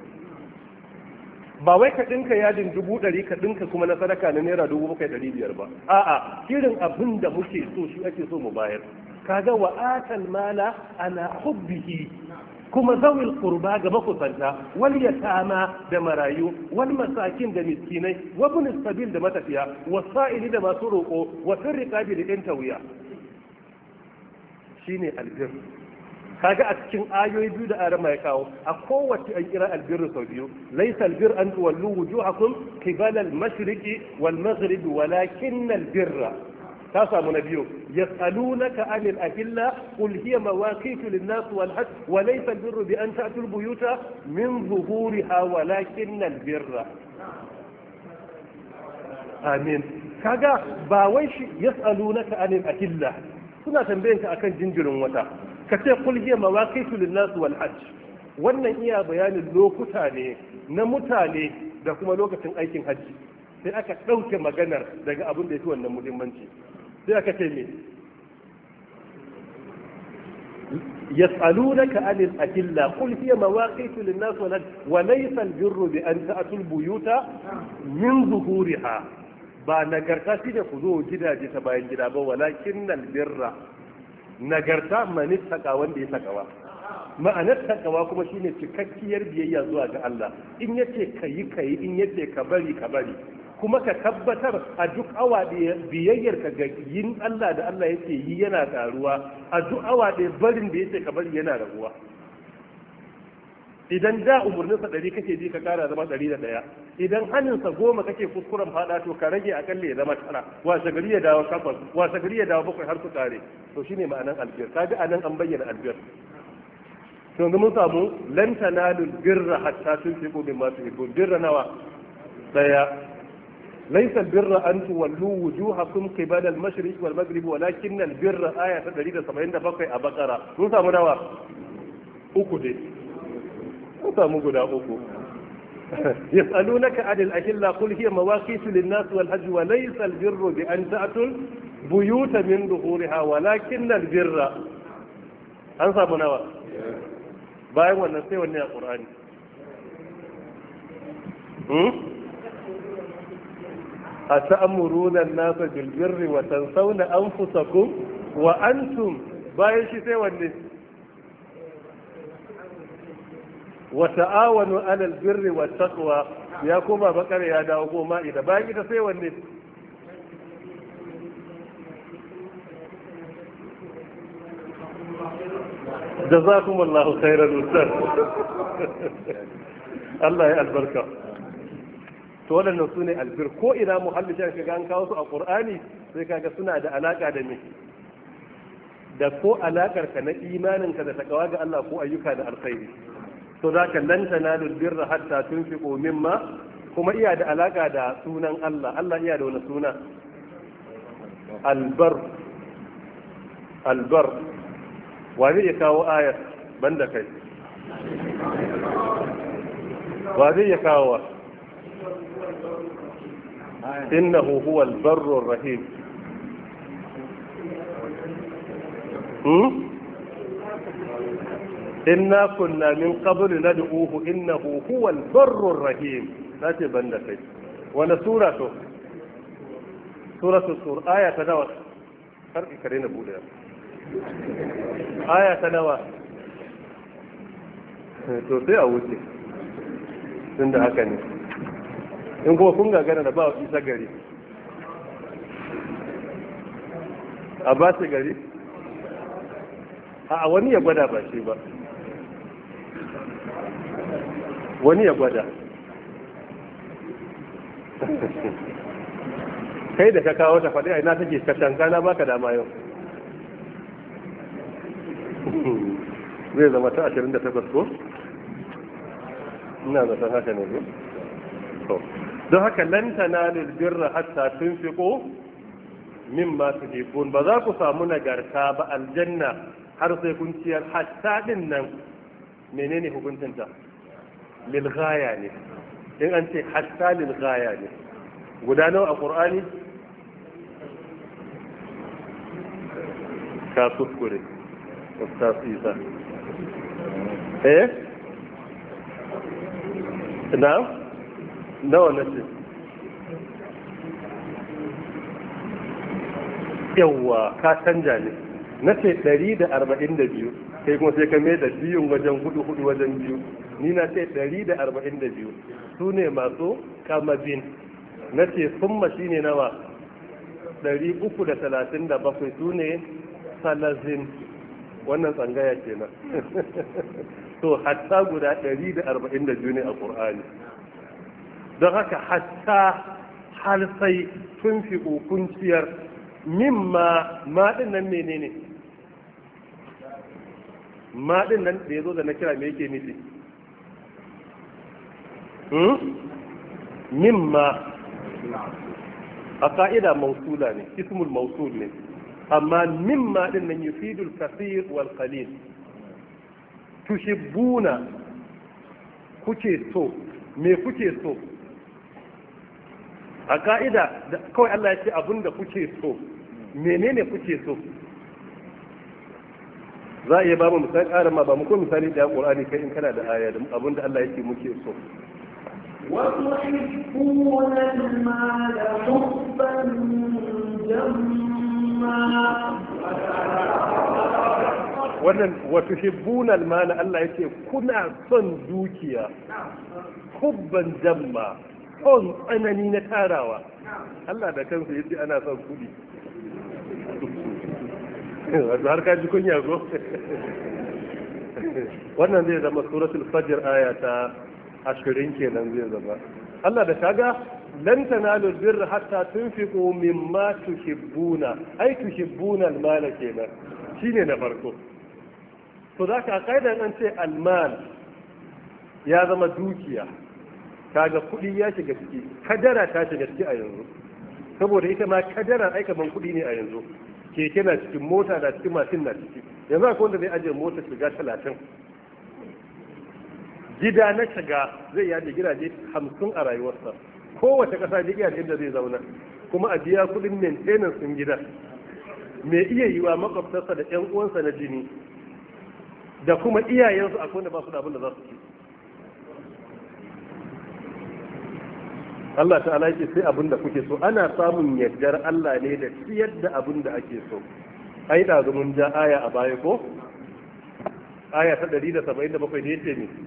ba wai ka ɗinka yadin dubu ɗari ka ɗinka kuma na sadaka na naira dubu bakwai ɗari biyar ba a'a irin abin da muke so shi ake so mu bayar kaga wa atal mala ana hubbihi kuma zawil qurba ga makusanta wal yatama da marayu wal masakin da miskinai wa bin sabil da matafiya wasa'ili da masu roko wa firqabi da ɗan tawiya shine albir kaga a cikin ayoyi biyu da arama ya kawo a kowace an kira albirru sau biyu laysa albir an tuwallu wujuhakum qibala al-mashriqi wal maghribi walakin albirra ka samu na biyu yas'alunaka anil ahilla qul hiya mawaqitu lin-nas wal hajj wa laysa al-birru bi an ta'tu al-buyuta min zuhuriha walakin al-birra amin kaga ba wai shi yas'alunaka anil ahilla suna tambayen ka akan jinjirin wata ka ce qul hiya mawaqitu lin-nas wal hajj wannan iya bayanin lokuta ne na mutane da kuma lokacin aikin hajji sai aka ɗauke maganar daga abin da ya fi wannan muhimmanci sai aka ce me يسألونك عن الأهلة قل هي مواقيت للناس وليس البر بأن تأتوا البيوت من ha ba nagarta shi ne ku zo gidaje ta bayan gida ba walakin nan birra nagarta mani saka wanda ya sakawa ma'anar takawa kuma shine cikakkiyar biyayya zuwa ga Allah in yace kayi kayi in yace ka bari ka bari kuma ka tabbatar a duk awa ɗaya biyayyar ka ga yin Allah da Allah yake yi yana taruwa a duk awa ɗaya barin da yake kamar yana raguwa idan da umarninsa ɗari kake ji ka ƙara zama ɗari da ɗaya idan hannunsa goma kake kuskuren faɗa to ka rage akalla ya zama tara washe gari ya dawo kafar washe gari ya dawo bakwai har su ƙare to shine ma'anan alfiyar ka ga anan an bayyana alfiyar to yanzu mun samu lan tanalu birra hatta tunfiqu mimma tuhibbun birra nawa ɗaya ليس البر أن تولوا وجوهكم قبل المشرق والمغرب ولكن البر آية تدريد سبعين دفقة أبقرة نوسى منوى أكو دي نوسى مقنا أكو يسألونك عن الأهلة قل هي مواقيت للناس والحج وليس البر بأن تأتوا البيوت من ظهورها ولكن البر أنسى منوى باين ونسي ونيا قرآني a ta'amuruna nasa bil birri wa tansawna anfusakum wa antum bayan shi sai wanne wa ta'awanu 'alal birri ya koma bakare ya dawo goma ida bayan ita sai wanne جزاكم الله خيرا وسهلا *laughs* الله يا البركه to waɗannan su ne albir ko ina muhalli shi ga an kawo su a qur'ani sai kaga suna da alaƙa da me da ko alaƙar ka na imanin ka da takawa ga Allah ko ayyuka da alkhairi to za zaka lan tanalu birra hatta tunfiqu mimma kuma iya da alaƙa da sunan Allah Allah iya da wani suna albar albar wa zai kawo ayar banda kai wa zai kawo innahu huwal barrur rahim inna kunna min qablu nad'uhu innahu huwal barrur rahim sace banda kai wani sura to suratu sur aya ta nawa har ikare na bude aya ta nawa to a wuce tunda haka ne in kuma kun gagara da ba wa isa gari a ba su gari a wani ya gwada ba shi ba wani ya gwada *laughs* kai da ka kawo ta faɗi a ina take ka shankana baka dama yau *laughs* zai zama ta 28 ko? ina zaton haka ne zai don haka ta tanalul birra hatta min masu tuhibbun ba za ku samu nagarta ba aljanna har sai kun ciyar hatta din nan menene ne lil ghaya ne in an ce hatta lilgaya ne guda nawa a qur'ani ka kuskure ustaz isa eh na nawa na ce yawwa ka canja ne na ce 142 sai kuma sai ka mai da biyun wajen hudu hudu wajen biyu ni na ce 142 su ne masu kamabin na ce sun shi ne nawa 337 su ne salazin wannan tsangaya nan *laughs* to hatta guda 142 ne a ƙur'ani don haka hatta har sai tun fi kunciyar mimma maɗin nan ne menene maɗin nan da ya zo da na kira me yake nufi hmm? mimma a ka'ida mausula ne ismul mausul ne amma mimma ɗin nan yufidul kasir wal qalil tushibbuna kuke so me kuke so a ka'ida kawai Allah ya ce abin da kuke so menene kuke so za a iya ba mu misali ƙara ma ba mu kuma misali da ƙorani kai in kana da aya da abin da Allah ya ce muke so wannan المال حبا جما wannan Allah ya Allah kuna son dukiya kubban jamma son tsanani na tarawa Allah da kansa yace ana son kudi wato har kaji ji kunya wannan zai zama suratul fajr aya ta 20 kenan zai zama Allah da kaga lan tanalu birra hatta tunfiqu mimma tuhibbuna ai tuhibbuna almala kenan shine na farko to zaka kaidan an ce almal ya zama dukiya kaga kuɗi ya shiga ciki kadara ta shiga ciki a yanzu saboda ita ma kadara aika man kuɗi ne a yanzu keke na cikin mota na cikin mashin na ciki yanzu akwai wanda zai ajiye mota shiga talatin gida na shiga zai yaje gidaje hamsin a rayuwarsa kowace ƙasa da iya da zai zauna kuma a biya kuɗin maintenance ɗin gida mai iya yiwa makwabtarsa da 'yan uwansa na jini da kuma iyayensu akwai wanda ba su da abin da za su ci Allah ta'ala yake sai abin da kuke so ana samun yaddar Allah ne da siyar da abin da ake so ai da mun ja aya a baya ko aya ta 177 da yace ne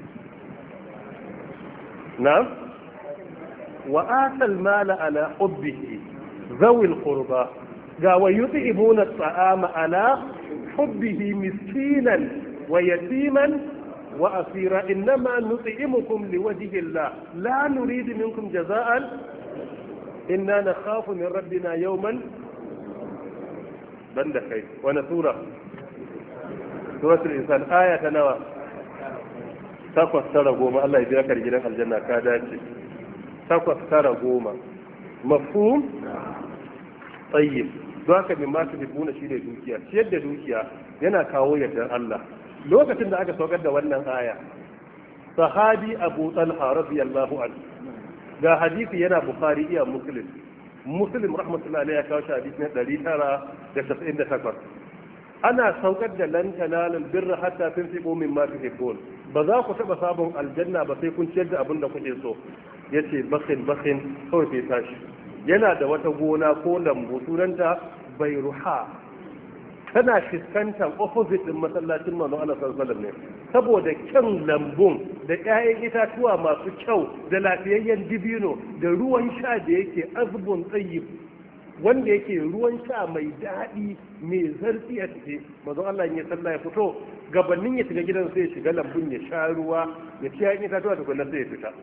na wa atal mala ala hubbihi zawil qurba ga wa yut'imuna at'ama ala hubbihi miskinan wa yatiman وأسيرا إنما نطعمكم لوجه الله لا نريد منكم جزاء إنا نخاف من ربنا يوما بندكي ونسورة سورة الإنسان آية نوى takwas tara goma Allah ya biya ka gidan aljanna ka dace takwas tara goma mafhum tayyib don haka min ma tuhibuna shi ne dukiya ciyar da dukiya yana kawo yardar Allah lokacin da aka saukar da wannan aya sahabi abu talha radiyallahu anhu ga hadisi yana bukhari iya muslim muslim rahmatullahi alaihi ya kawo shi hadisi na 998 ana saukar da lan tanalul birra hatta tunfiqu mimma tuhibbun ba za ku taba sabon aljanna ba sai kun ciyar da abin da kuke so yace bakhin bakhin kawai sai tashi yana da wata gona ko lambu sunanta ruha. tana fuskantar opposite din masallacin manu Allah sallallahu ne saboda kyan lambun da ƴaƴan itatuwa masu kyau da lafiyayyen dibino da ruwan sha da yake azubun tsayi wanda yake ruwan sha mai daɗi mai zarfi a ciki mazan Allah ya sallah ya fito gabanin ya shiga gidan sai ya shiga lambun ya sha ruwa ya ci ƴaƴan itatuwa da kullum sai ya fita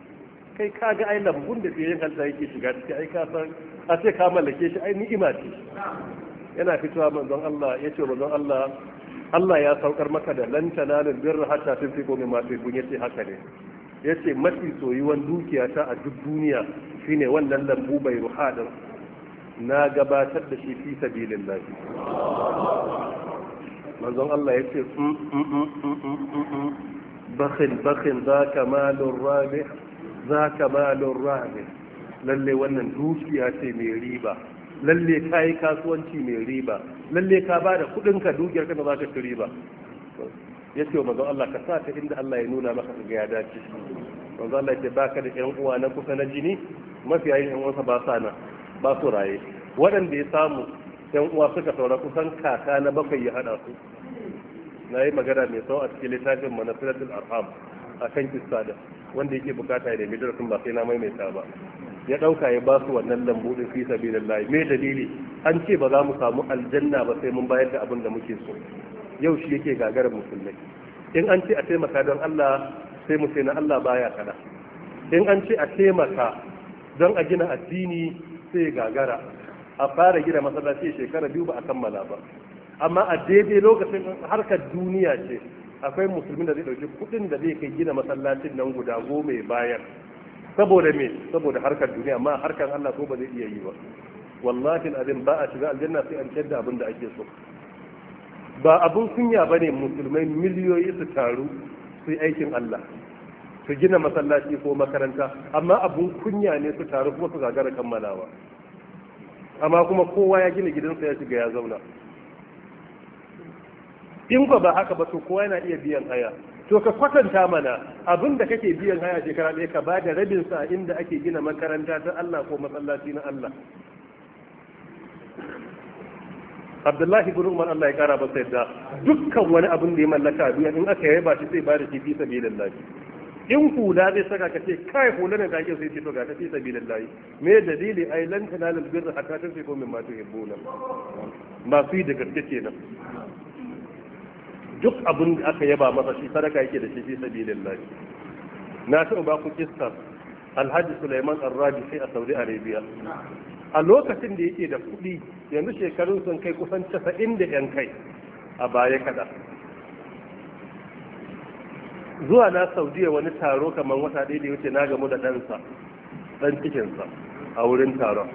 kai ka ga ai lambun da fiye yin halitta yake shiga ciki ai ka san a ce ka mallake shi ai ni'ima ce yana fitowa manzon Allah ya ce manzon Allah Allah ya saukar maka da lan tanalul birra hatta tunfiqu mimma tuhibbun yace haka ne yace mafi soyuwan dukiya ta a duk duniya shine wannan lambu bai ruha na gabatar da shi fi sabilillah manzon Allah yace bakhil mm, mm, mm, bakhil zaka malur rabih zaka malur rabih lalle wannan dukiya ce mai riba lalle ka yi kasuwanci mai riba lalle ka ba da kudin ka dukiyar ka da za ka ci riba ya ce wa mazan Allah ka sa ta inda Allah ya nuna maka ga ya dace mazan Allah ce baka da ƴan uwa na kusa na jini mafiya yin uwansa ba sa na ba su raye waɗanda ya samu yan uwa suka saura kusan kaka na bakwai ya hada su na yi magana mai tsawo a cikin littafin manasiratul arham a kan kista da wanda yake bukata ya nemi darasin ba sai na maimaita ba ya ɗauka ya ba su wannan lambu ɗin fi layi. me dalili an ce ba za mu samu aljanna ba sai mun bayar da abin da muke so yau shi yake gagarar musulmai in an ce a taimaka don Allah sai mu sai na Allah baya kada in an ce a taimaka don a gina addini sai gagara a fara gina masallaci shekara biyu ba a kammala ba amma a daidai lokacin harkar duniya ce akwai musulmin da zai dauki kuɗin da zai kai gina masallacin nan guda goma bayar saboda me saboda harkar duniya amma harkar Allah ko ba zai iya yi ba wallahi alazim ba a shiga aljanna sai an kyadda abin da ake so ba abun kunya bane musulmai miliyoyi su taru su aikin Allah su gina masallaci ko makaranta amma abun kunya ne su taru kuma su gagara kammalawa amma kuma kowa ya gina gidansa ya shiga ya zauna in ba haka ba to kowa yana iya biyan haya to ka kwatanta mana abin da kake biyan haya shekara ɗaya ka ba da rabin sa inda ake gina makaranta ta Allah ko matsalaci na Allah Abdullahi bin Umar Allah ya kara masa yadda dukkan wani abin da ya mallaka biya in aka yaba shi sai ba shi fi sabilillah in hula zai saka ka ce kai hula da kake sai ce to ga ta fi sabilillah me dalili ai lan tanalul birra hatta tunfiqu mimma tuhibbuna masu yi da gaske kenan duk abin da aka yaba masa shi sadaka yake da shi fi lafi na taɓa ba ku kissa alhaji Suleiman Arrabi sai a Saudi Arabia a lokacin da yake da kuɗi yanzu shekarun sun kai kusan casa'in da yan kai a baya kada zuwa na saudiya wani taro kamar wata ɗaya da wuce na gamu da ɗansa ɗan cikinsa a wurin taron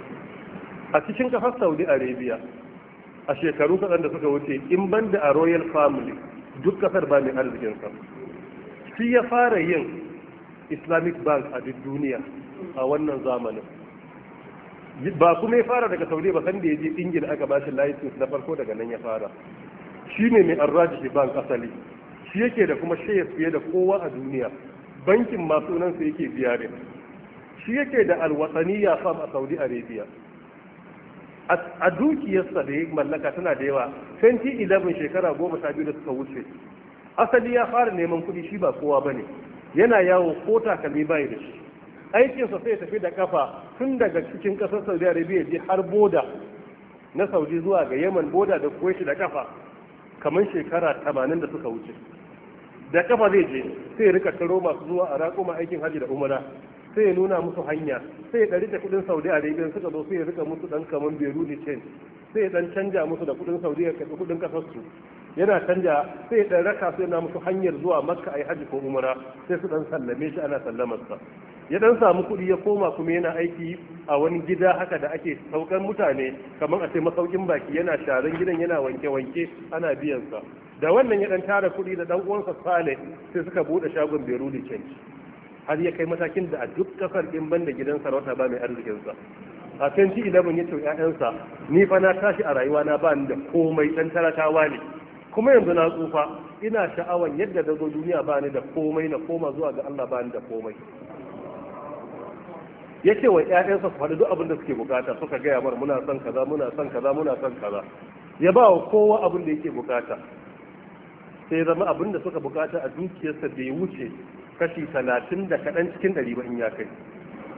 a cikin kafar saudi arabia a shekaru kaɗan da suka wuce in ban da a royal family duk kasar ba mai sa shi ya fara yin islamic bank a duk duniya a wannan zamanin ba kuma ya fara daga saudi ba sanda ya je ingila aka ba shi license na farko daga nan ya fara shi ne mai arrajihi bank asali shi yake da kuma shayar fiye da kowa a duniya bankin masu nan su yake biyarin shi yake da alwasaniya fam a saudi arabia a dukiyarsa da ya mallaka tana da yawa 2011 shekara goma sha biyu da suka wuce asali ya fara neman kuɗi shi ba kowa ba ne yana yawo ko takalmi bayi da shi aikinsa sai tafi da kafa tun daga cikin ƙasar saudi arabia je har boda na saudi zuwa ga yaman boda da kuwaishi da kafa kamar shekara 80 da suka wuce da kafa zai je sai rika taro masu zuwa a raƙuma aikin hajji da umara sai ya nuna musu hanya sai ya ɗari da kuɗin saudi arabia suka zo sai ya rika musu ɗan kamar beru berudi chain sai ya ɗan canja musu da kuɗin saudi ya karɓi kuɗin kasarsu yana canja sai ya ɗan raka sai na musu hanyar zuwa makka a yi hajji ko umara sai su ɗan sallame shi ana sallamarsa ya ɗan samu kuɗi ya koma kuma yana aiki a wani gida haka da ake saukan mutane kamar a ce masaukin baki yana sharan gidan yana wanke-wanke ana biyansa da wannan ya ɗan tara kuɗi da ɗan uwansa sale sai suka buɗe shagon beru berudi change har ya kai matakin da a duk kasar in ban da gidan sarauta ba mai arzikinsa a can ji ilamin ya ce ‘ya'yansa ni fa na tashi a rayuwa na ba ni da komai ɗan talakawa ne kuma yanzu na tsufa ina sha'awan yadda da zo duniya ba ni da komai na koma zuwa ga Allah ba ni da komai ya ce wa ‘ya'yansa su faɗi duk abin da suke bukata suka gaya mar muna son kaza muna son kaza muna son kaza ya ba wa kowa abin da yake bukata sai zama abin da suka bukata a dukiyarsa bai wuce kashi talatin da kaɗan cikin ɗari ba in ya kai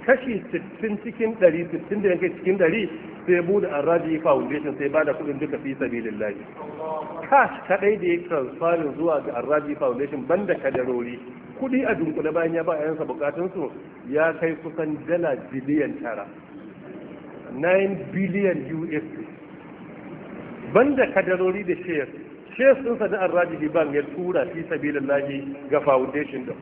kashi sittin cikin ɗari sittin da yankai cikin ɗari sai bude an raji foundation sai bada kuɗin duka fi sabi lillahi cash kaɗai da ya transfer zuwa ga an raji foundation ban da kadarori kuɗi a dunkule bayan ya ba a yansa bukatunsu ya kai kusan dala biliyan tara 9 biliyan usd da kadarori da shares shares sun sadu an raji bank ya tura fi sabilin lahi ga foundation din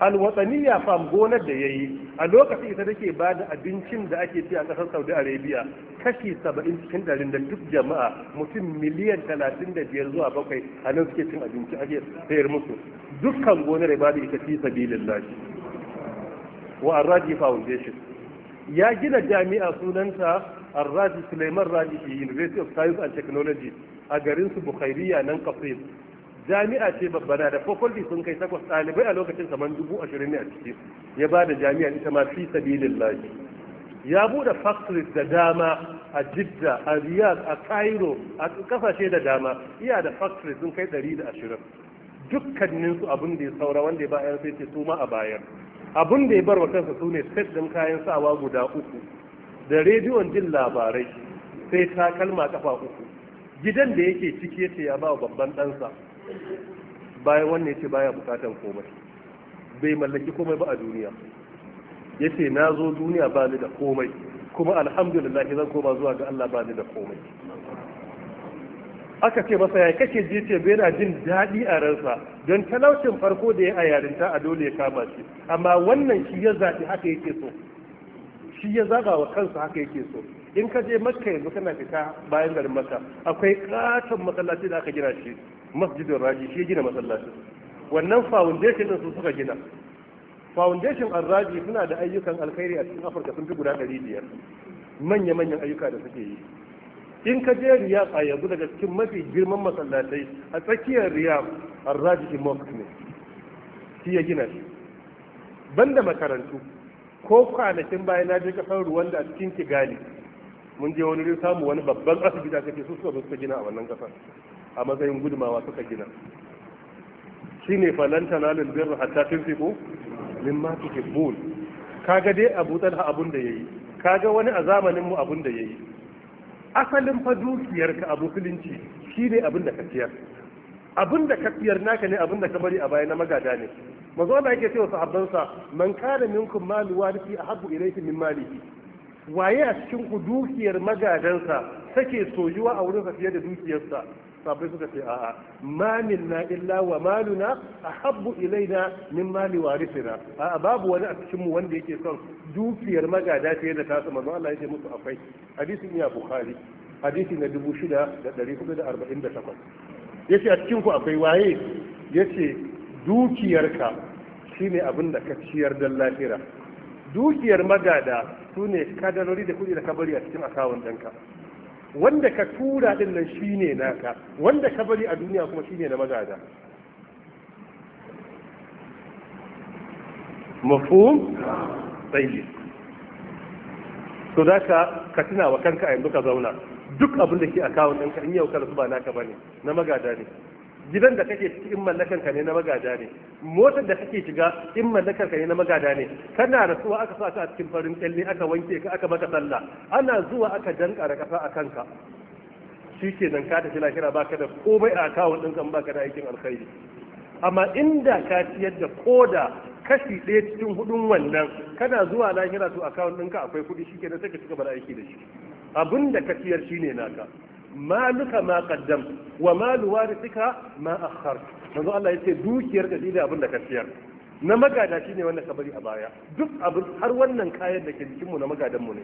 alwataniya fam gonar da ya yi a lokacin ita take ba da abincin da ake ci a ƙasar saudi arabia kashi saba'in cikin ɗarin da duk jama'a mutum miliyan talatin da biyar zuwa bakwai a nan suke cin abinci ake sayar musu dukkan gonar ba da ita fi sabilin lashi wa arraji foundation ya gina jami'a sunanta arraji suleiman raji university of science and technology a garin su bukhairiya nan kafin jami'a ce babbana da faculty sun kai takwas ɗalibai a lokacin kamar dubu ashirin ne a ciki ya ba da jami'a ita ma fi sabilillahi ya buɗe factories da dama a jidda a riyadh a cairo a kasashe da dama iya da factories sun kai ɗari da ashirin dukkaninsu abin da ya saura wanda ya bayan sai ce su ma a bayan abin da ya bar wa kansa su ne set ɗin kayan sawa guda uku da rediyon jin labarai sai takalma kafa uku gidan da yake ciki ya ce ya ba babban ɗansa bayan wannan ya ce baya bukatan komai bai mallaki komai ba a duniya ya ce na zo duniya ba ni da komai kuma alhamdulillah zan koma zuwa ga Allah ba ni da komai aka ce masa ya kake je ce bai na jin daɗi a ransa don talaucin farko da ya a yarinta a dole ya kama shi amma wannan shi ya zaɓi haka yake so shi ya zaɓa wa kansa haka yake so in ka je makka yanzu kana fita bayan garin makka akwai katon masallaci da aka gina shi masjidin raji shi gina masallacin wannan foundation din su suka gina foundation raji suna da ayyukan alkhairi a cikin afirka sun fi guda 500 manya-manyan ayyuka da suke yi in ka je riya a yanzu daga cikin mafi girman masallatai a tsakiyar riyadh arraji mosque ne shi ya gina shi banda makarantu ko kwanakin bayan na je kasar ruwanda a cikin kigali mun je wani samu wani babban asibiti a kake su suka gina a wannan kasar a matsayin gudumawa suka gina Shi ne falanta na lulbirra hatta tunfiko mimma Ka kaga dai abu talha abun da ya Ka kaga wani a zamaninmu abun da ya yi. asalin fa dukiyar ka a musulunci shine abin da ka ciyar Abun da ka ciyar naka ne abun da ka bari a baya na magada ne mazo Allah yake cewa sahabbansa man kana minkum malu warithi ahabbu ilayhi min malihi waye a cikin ku dukiyar magadansa take soyuwa a wurinsa fiye da dukiyarsa sabai suka ce a'a ma minna illa wa maluna a habbu ilaina min mali warisina a'a babu wani a cikin mu wanda yake son dukiyar magada fiye da tasu manzo Allah yake musu akwai hadisin ya bukhari hadisi na 6648 yace a cikin ku akwai waye yace dukiyarka shine abin da ka ciyar dan lafira dukiyar magada sune kadarori da kudi da kabari a cikin akawun danka wanda ka tura din nan shi ne naka wanda ka bari a duniya kuma shi ne na magada mafum tsaye to za ka katina wa kanka a yanzu ka zauna duk abin da ke a kawun ɗinka in yau karsu ba naka ba ne, na magada ne gidan da kake ciki in mallakan ka ne na magada ne motar da kake shiga in mallakan ka ne na magada ne kana da rasuwa aka sa ka a cikin farin kyalle aka wanke ka aka maka sallah ana zuwa aka danka da kasa a kanka nan ka tafi lahira baka da komai a akawun din kan baka da aikin alkhairi amma inda ka ciyar da koda kashi ɗaya cikin hudun wannan kana zuwa lahira to akawun ɗinka akwai kuɗi nan sai ka cigaba da aiki da shi abin da ka ciyar shine naka maluka ma kaddam, wa malu warithika ma akhar manzo Allah yace dukiyar da da abin da ka siyar na magada shine wanda ka bari a baya duk abin har wannan kayan da ke jikin mu na magadan mu ne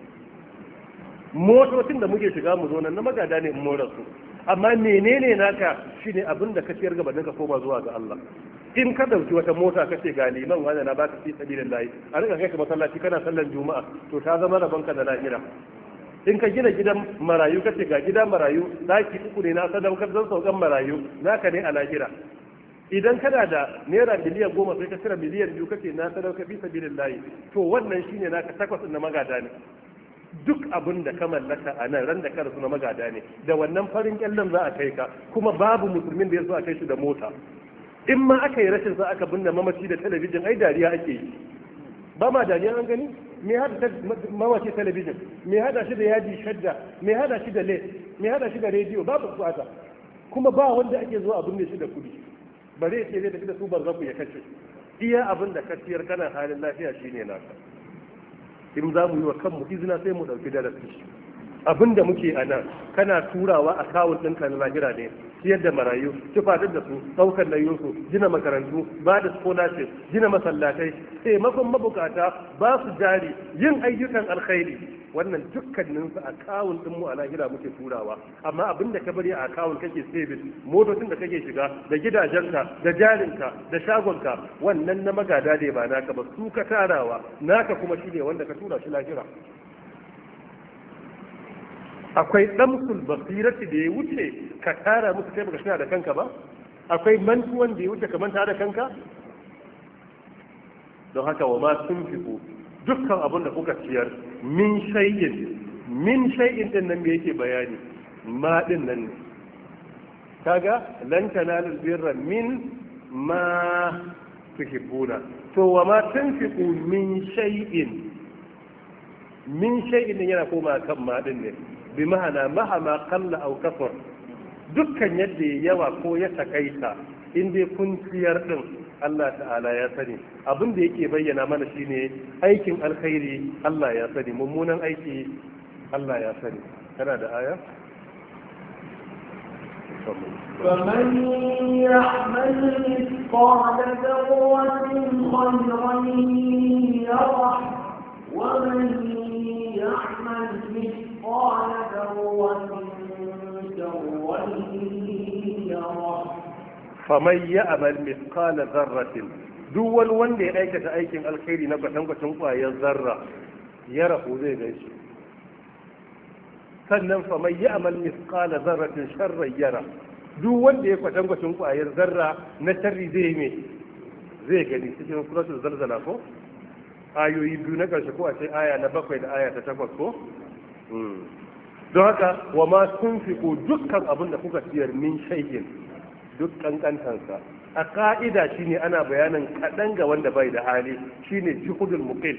motocin da muke shiga mu zo na magada ne mu rasu amma menene naka shine abin da ka siyar gabanin ka koma zuwa ga Allah in ka dauki wata mota kace ga liman wanda na baka fi sabilillahi a rika kai ka masallaci kana sallan juma'a to ta zama rabonka da lahira in ka gina gidan marayu ka ga gida marayu daki uku ne na sadaukar zan saukan marayu naka ne a lahira idan kana da naira miliyan goma sai ka cire miliyan biyu kake na sadaukar bisa bilin layi, to wannan shine naka takwas na magada ne duk abin da ka mallaka a nan ran da ka rasu na magada ne da wannan farin kyallon za a kai ka kuma babu musulmin da ya zo a kai su da mota in ma aka yi rashin za aka binne mamaci da talabijin ai dariya ake yi ba ma dariya an gani me hada mawace talabijin me hada shi da yadi shadda me hada shi da led me hada shi da rediyo babu bukata kuma ba wanda ake zuwa abin da shi da kudi bare ya ce zai tafi da su barzaku ya kace iya abin da kasiyar kana halin lafiya shine naka in za mu yi wa kanmu izina sai mu dauki darasi abin da muke a nan kana turawa a kawun ɗinka na lahira ne siyar da marayu tufatar da su ɗaukar nauyinsu gina makarantu ba da scholarship gina masallatai taimakon mabukata ba su jari yin ayyukan alkhairi wannan dukkaninsu a kawun ɗin mu a lahira muke turawa amma abin da ka bari a kawun kake saving motocin da kake shiga da gidajenka da jarinka da shagonka wannan na magada ne ba naka ba su ka tarawa naka kuma shi ne wanda ka tura shi lahira akwai damsul basirati da ya wuce ka kara musu kai baka shina da kanka ba akwai mantuwan da ya wuce ka manta da kanka don haka wa ma sun fiko dukkan abin da kuka ciyar min shay'in min shay'in din nan me yake bayani ma din nan ne kaga lan tanalu birra min ma tuhibuna to wa ma tunfiqu min shay'in min shay'in din yana koma kan ma din ne bi ma'ana mahama qalla aw kafar dukkan yadda ya yawa ko ya takaita in dai kun ciyar din Allah ta'ala ya sani abin da yake bayyana mana shine aikin alkhairi Allah ya sani mummunan aiki Allah ya sani kana da aya فمن يعمل مثقال ذرة خيرا يره ومن يعمل مثقال مثقال ذرة شرا يره faman ya amal mithqala zarratin duk wani wanda ya aikata aikin alkhairi na kwatankwacin kwayar zarra ya rahu zai ya amal mithqala zarratin sharran yara duk wanda ya kwatankwacin kwayar zarra na sharri zai me zai gani cikin suratul zalzala ko ayoyi biyu na karshe ko a ce aya na bakwai da aya ta takwas ko Hmm. don haka wa ma sun fiko dukkan abin da kuka siyar min shaikin dukkan kantansa a ka'ida ne ana bayanin kaɗan ga wanda bai da hali shine juhudul muqil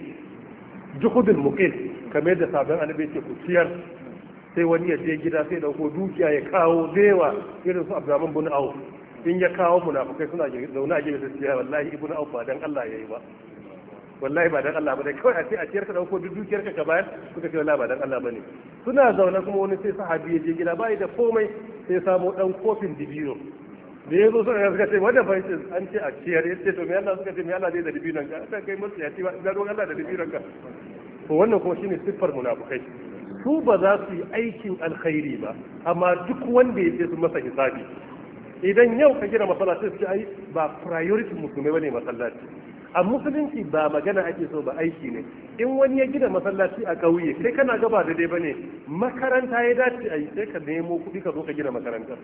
juhudul mukil kamar da sabon annabi ce ku siyar sai wani ya je gida sai dauko dukiya ya kawo zewa irin su abdurrahman bin auf in ya kawo munafukai suna zaune a gefe sai wallahi ibu auf ba dan Allah ya yi ba wallahi ba dan Allah bane kawai a ce a ciyar ka dauko duk dukiyar ka ka bayar kuka ce wallahi ba dan Allah bane suna zaune kuma wani sai sahabi ya je gida bai da komai sai samu dan kofin dibino da yazo suna suka suka ce wanda fa yace an ce a ciyar yace to me Allah suka ce me Allah zai da dibino ka dan kai musu ya ce da ruwan Allah da dibino ka to wannan kuma shine siffar munafikai su ba za su yi aikin alkhairi ba amma duk wanda ya ce su masa hisabi idan yau ka gina masallaci sai ai ba priority musulmai bane masallaci a musulunci ba magana ake so ba aiki ne in wani ya gina masallaci a ƙauye sai kana gaba da dai bane makaranta ya dace a yi sai ka nemo kuɗi ka zo ka gina makarantar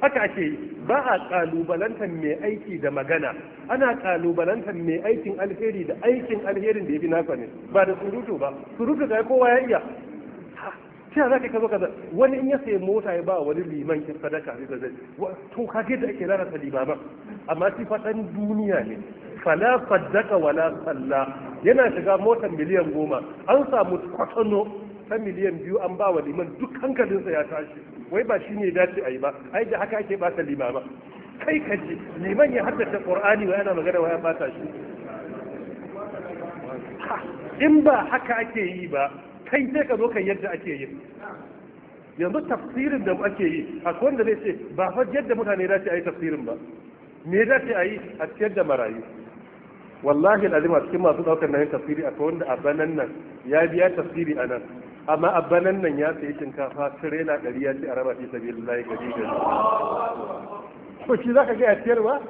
haka ake yi ba a ƙalubalantar mai aiki da magana ana ƙalubalantar mai aikin alheri da aikin alherin da ya fi nasa ne ba da surutu ba surutu ga kowa ya iya ta za ka zo kaza wani in ya sayi mota ya ba wani liman kin sadaka da zai to kage da ake ta limaman amma shi fadan duniya ne fala saddaka wala salla yana shiga motar miliyan goma an samu kwatano ta miliyan biyu an ba wa liman duk hankalinsa ya tashi wai ba shi ne dace a yi ba ai da haka ake bata limama kai ka ji liman ya haddace qur'ani wa ana magana wa ya ta shi in ba haka ake yi ba kai sai ka zo ka yadda ake yi yanzu tafsirin da ake yi a wanda zai ce ba fa yadda mutane za su yi tafsirin ba me za su yi a ciyar da marayu wallahi alazim a cikin masu daukar nan tafsiri akwai wanda a nan ya biya tafsiri a nan amma a banan nan ya sayi shinkafa tirela ɗari ya ce a raba fi sabilillahi gari gari ko shi zaka ga a ciyarwa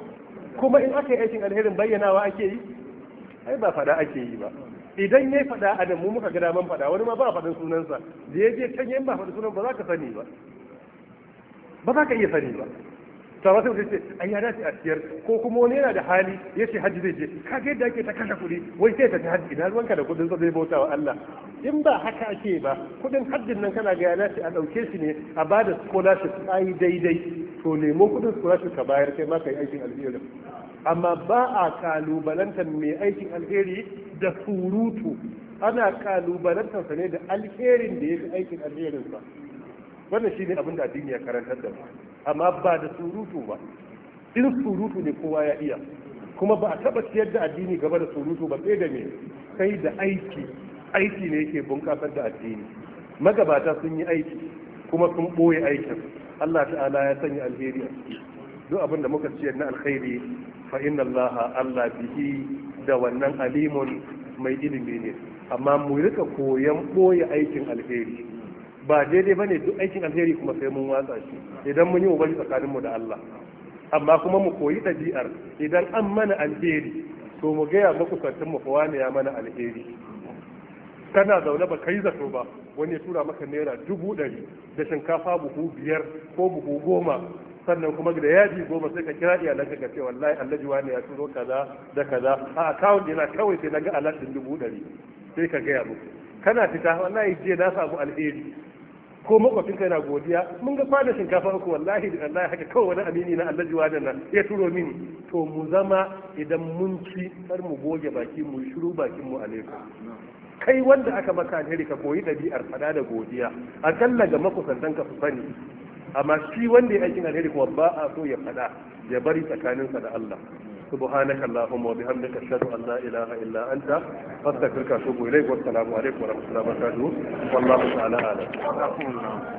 kuma in aka yi aikin alherin bayyanawa ake yi ai ba fada ake yi ba idan ya faɗa a mu muka ga daman faɗa wani ma ba faɗin sunansa da ya je can yin ba faɗin sunan ba za ka sani ba ba za ka iya sani ba ta wasu mutum ce ai ya dace a siyar ko kuma wani yana da hali ya ce hajji zai je ka ga yadda ake ta kashe kuɗi wai sai ta ta hajji ina ruwanka da kuɗin zai bauta wa Allah in ba haka ake ba kuɗin hajjin nan kana ga ya dace a ɗauke shi ne a ba da scholarship ayi daidai to nemo kuɗin scholarship ka bayar kai ma ka yi aikin alheri amma ba a kalubalantar mai aikin alheri da surutu ana kalubalantarsa ne da alherin da ya fi aikin alherin sa wannan shine abin da addini ya karantar da ba, amma ba da surutu ba in surutu ne kowa ya iya kuma ba a taba ciyar da addini gaba da surutu ba sai da me sai da aiki aiki ne yake bunƙasar da addini magabata sun yi aiki kuma sun ɓoye aikin Allah ta'ala ya sanya alheri a ciki duk abin da muka ciyar na alkhairi fa inna Allah Allah bihi da wannan alimun mai ilimi ne amma mu rika koyan ɓoye aikin alheri ba daidai ba ne duk aikin alheri kuma sai mun watsa shi idan mun yi ubali tsakanin mu da Allah amma kuma mu koyi ɗabi'ar idan an mana alheri to mu gaya makusantin mu kowa ne ya mana alheri kana zaune ba kai zato ba wani ya tura maka naira dubu ɗari da shinkafa buhu biyar ko buhu goma sannan kuma da yaji goma sai ka kira iyalan ka ce wallahi juwa ne ya turo kaza da kaza a account yana kawai sai na ga din dubu ɗari sai ka ga yabo kana fita wallahi je na samu alheri ko makwafin kai na godiya mun ga fada shinkafa uku wallahi da Allah haka kawai wani amini na Allah jiwanan nan ya turo mini to mu zama idan mun ci kar mu goge baki mu shiru bakin mu alaikum kai wanda aka maka alheri ka koyi dabi'ar fada da godiya akalla ga makusantan ka su sani amma shi wanda ya aikin alheri kuma ba a so ya faɗa ya bari tsakaninsa da Allah subhanaka allahumma wa bihamdika ashhadu an la ilaha illa anta astaghfiruka wa atubu ilayk wa assalamu alaikum wa rahmatullahi wa barakatuh wallahu ta'ala a'lam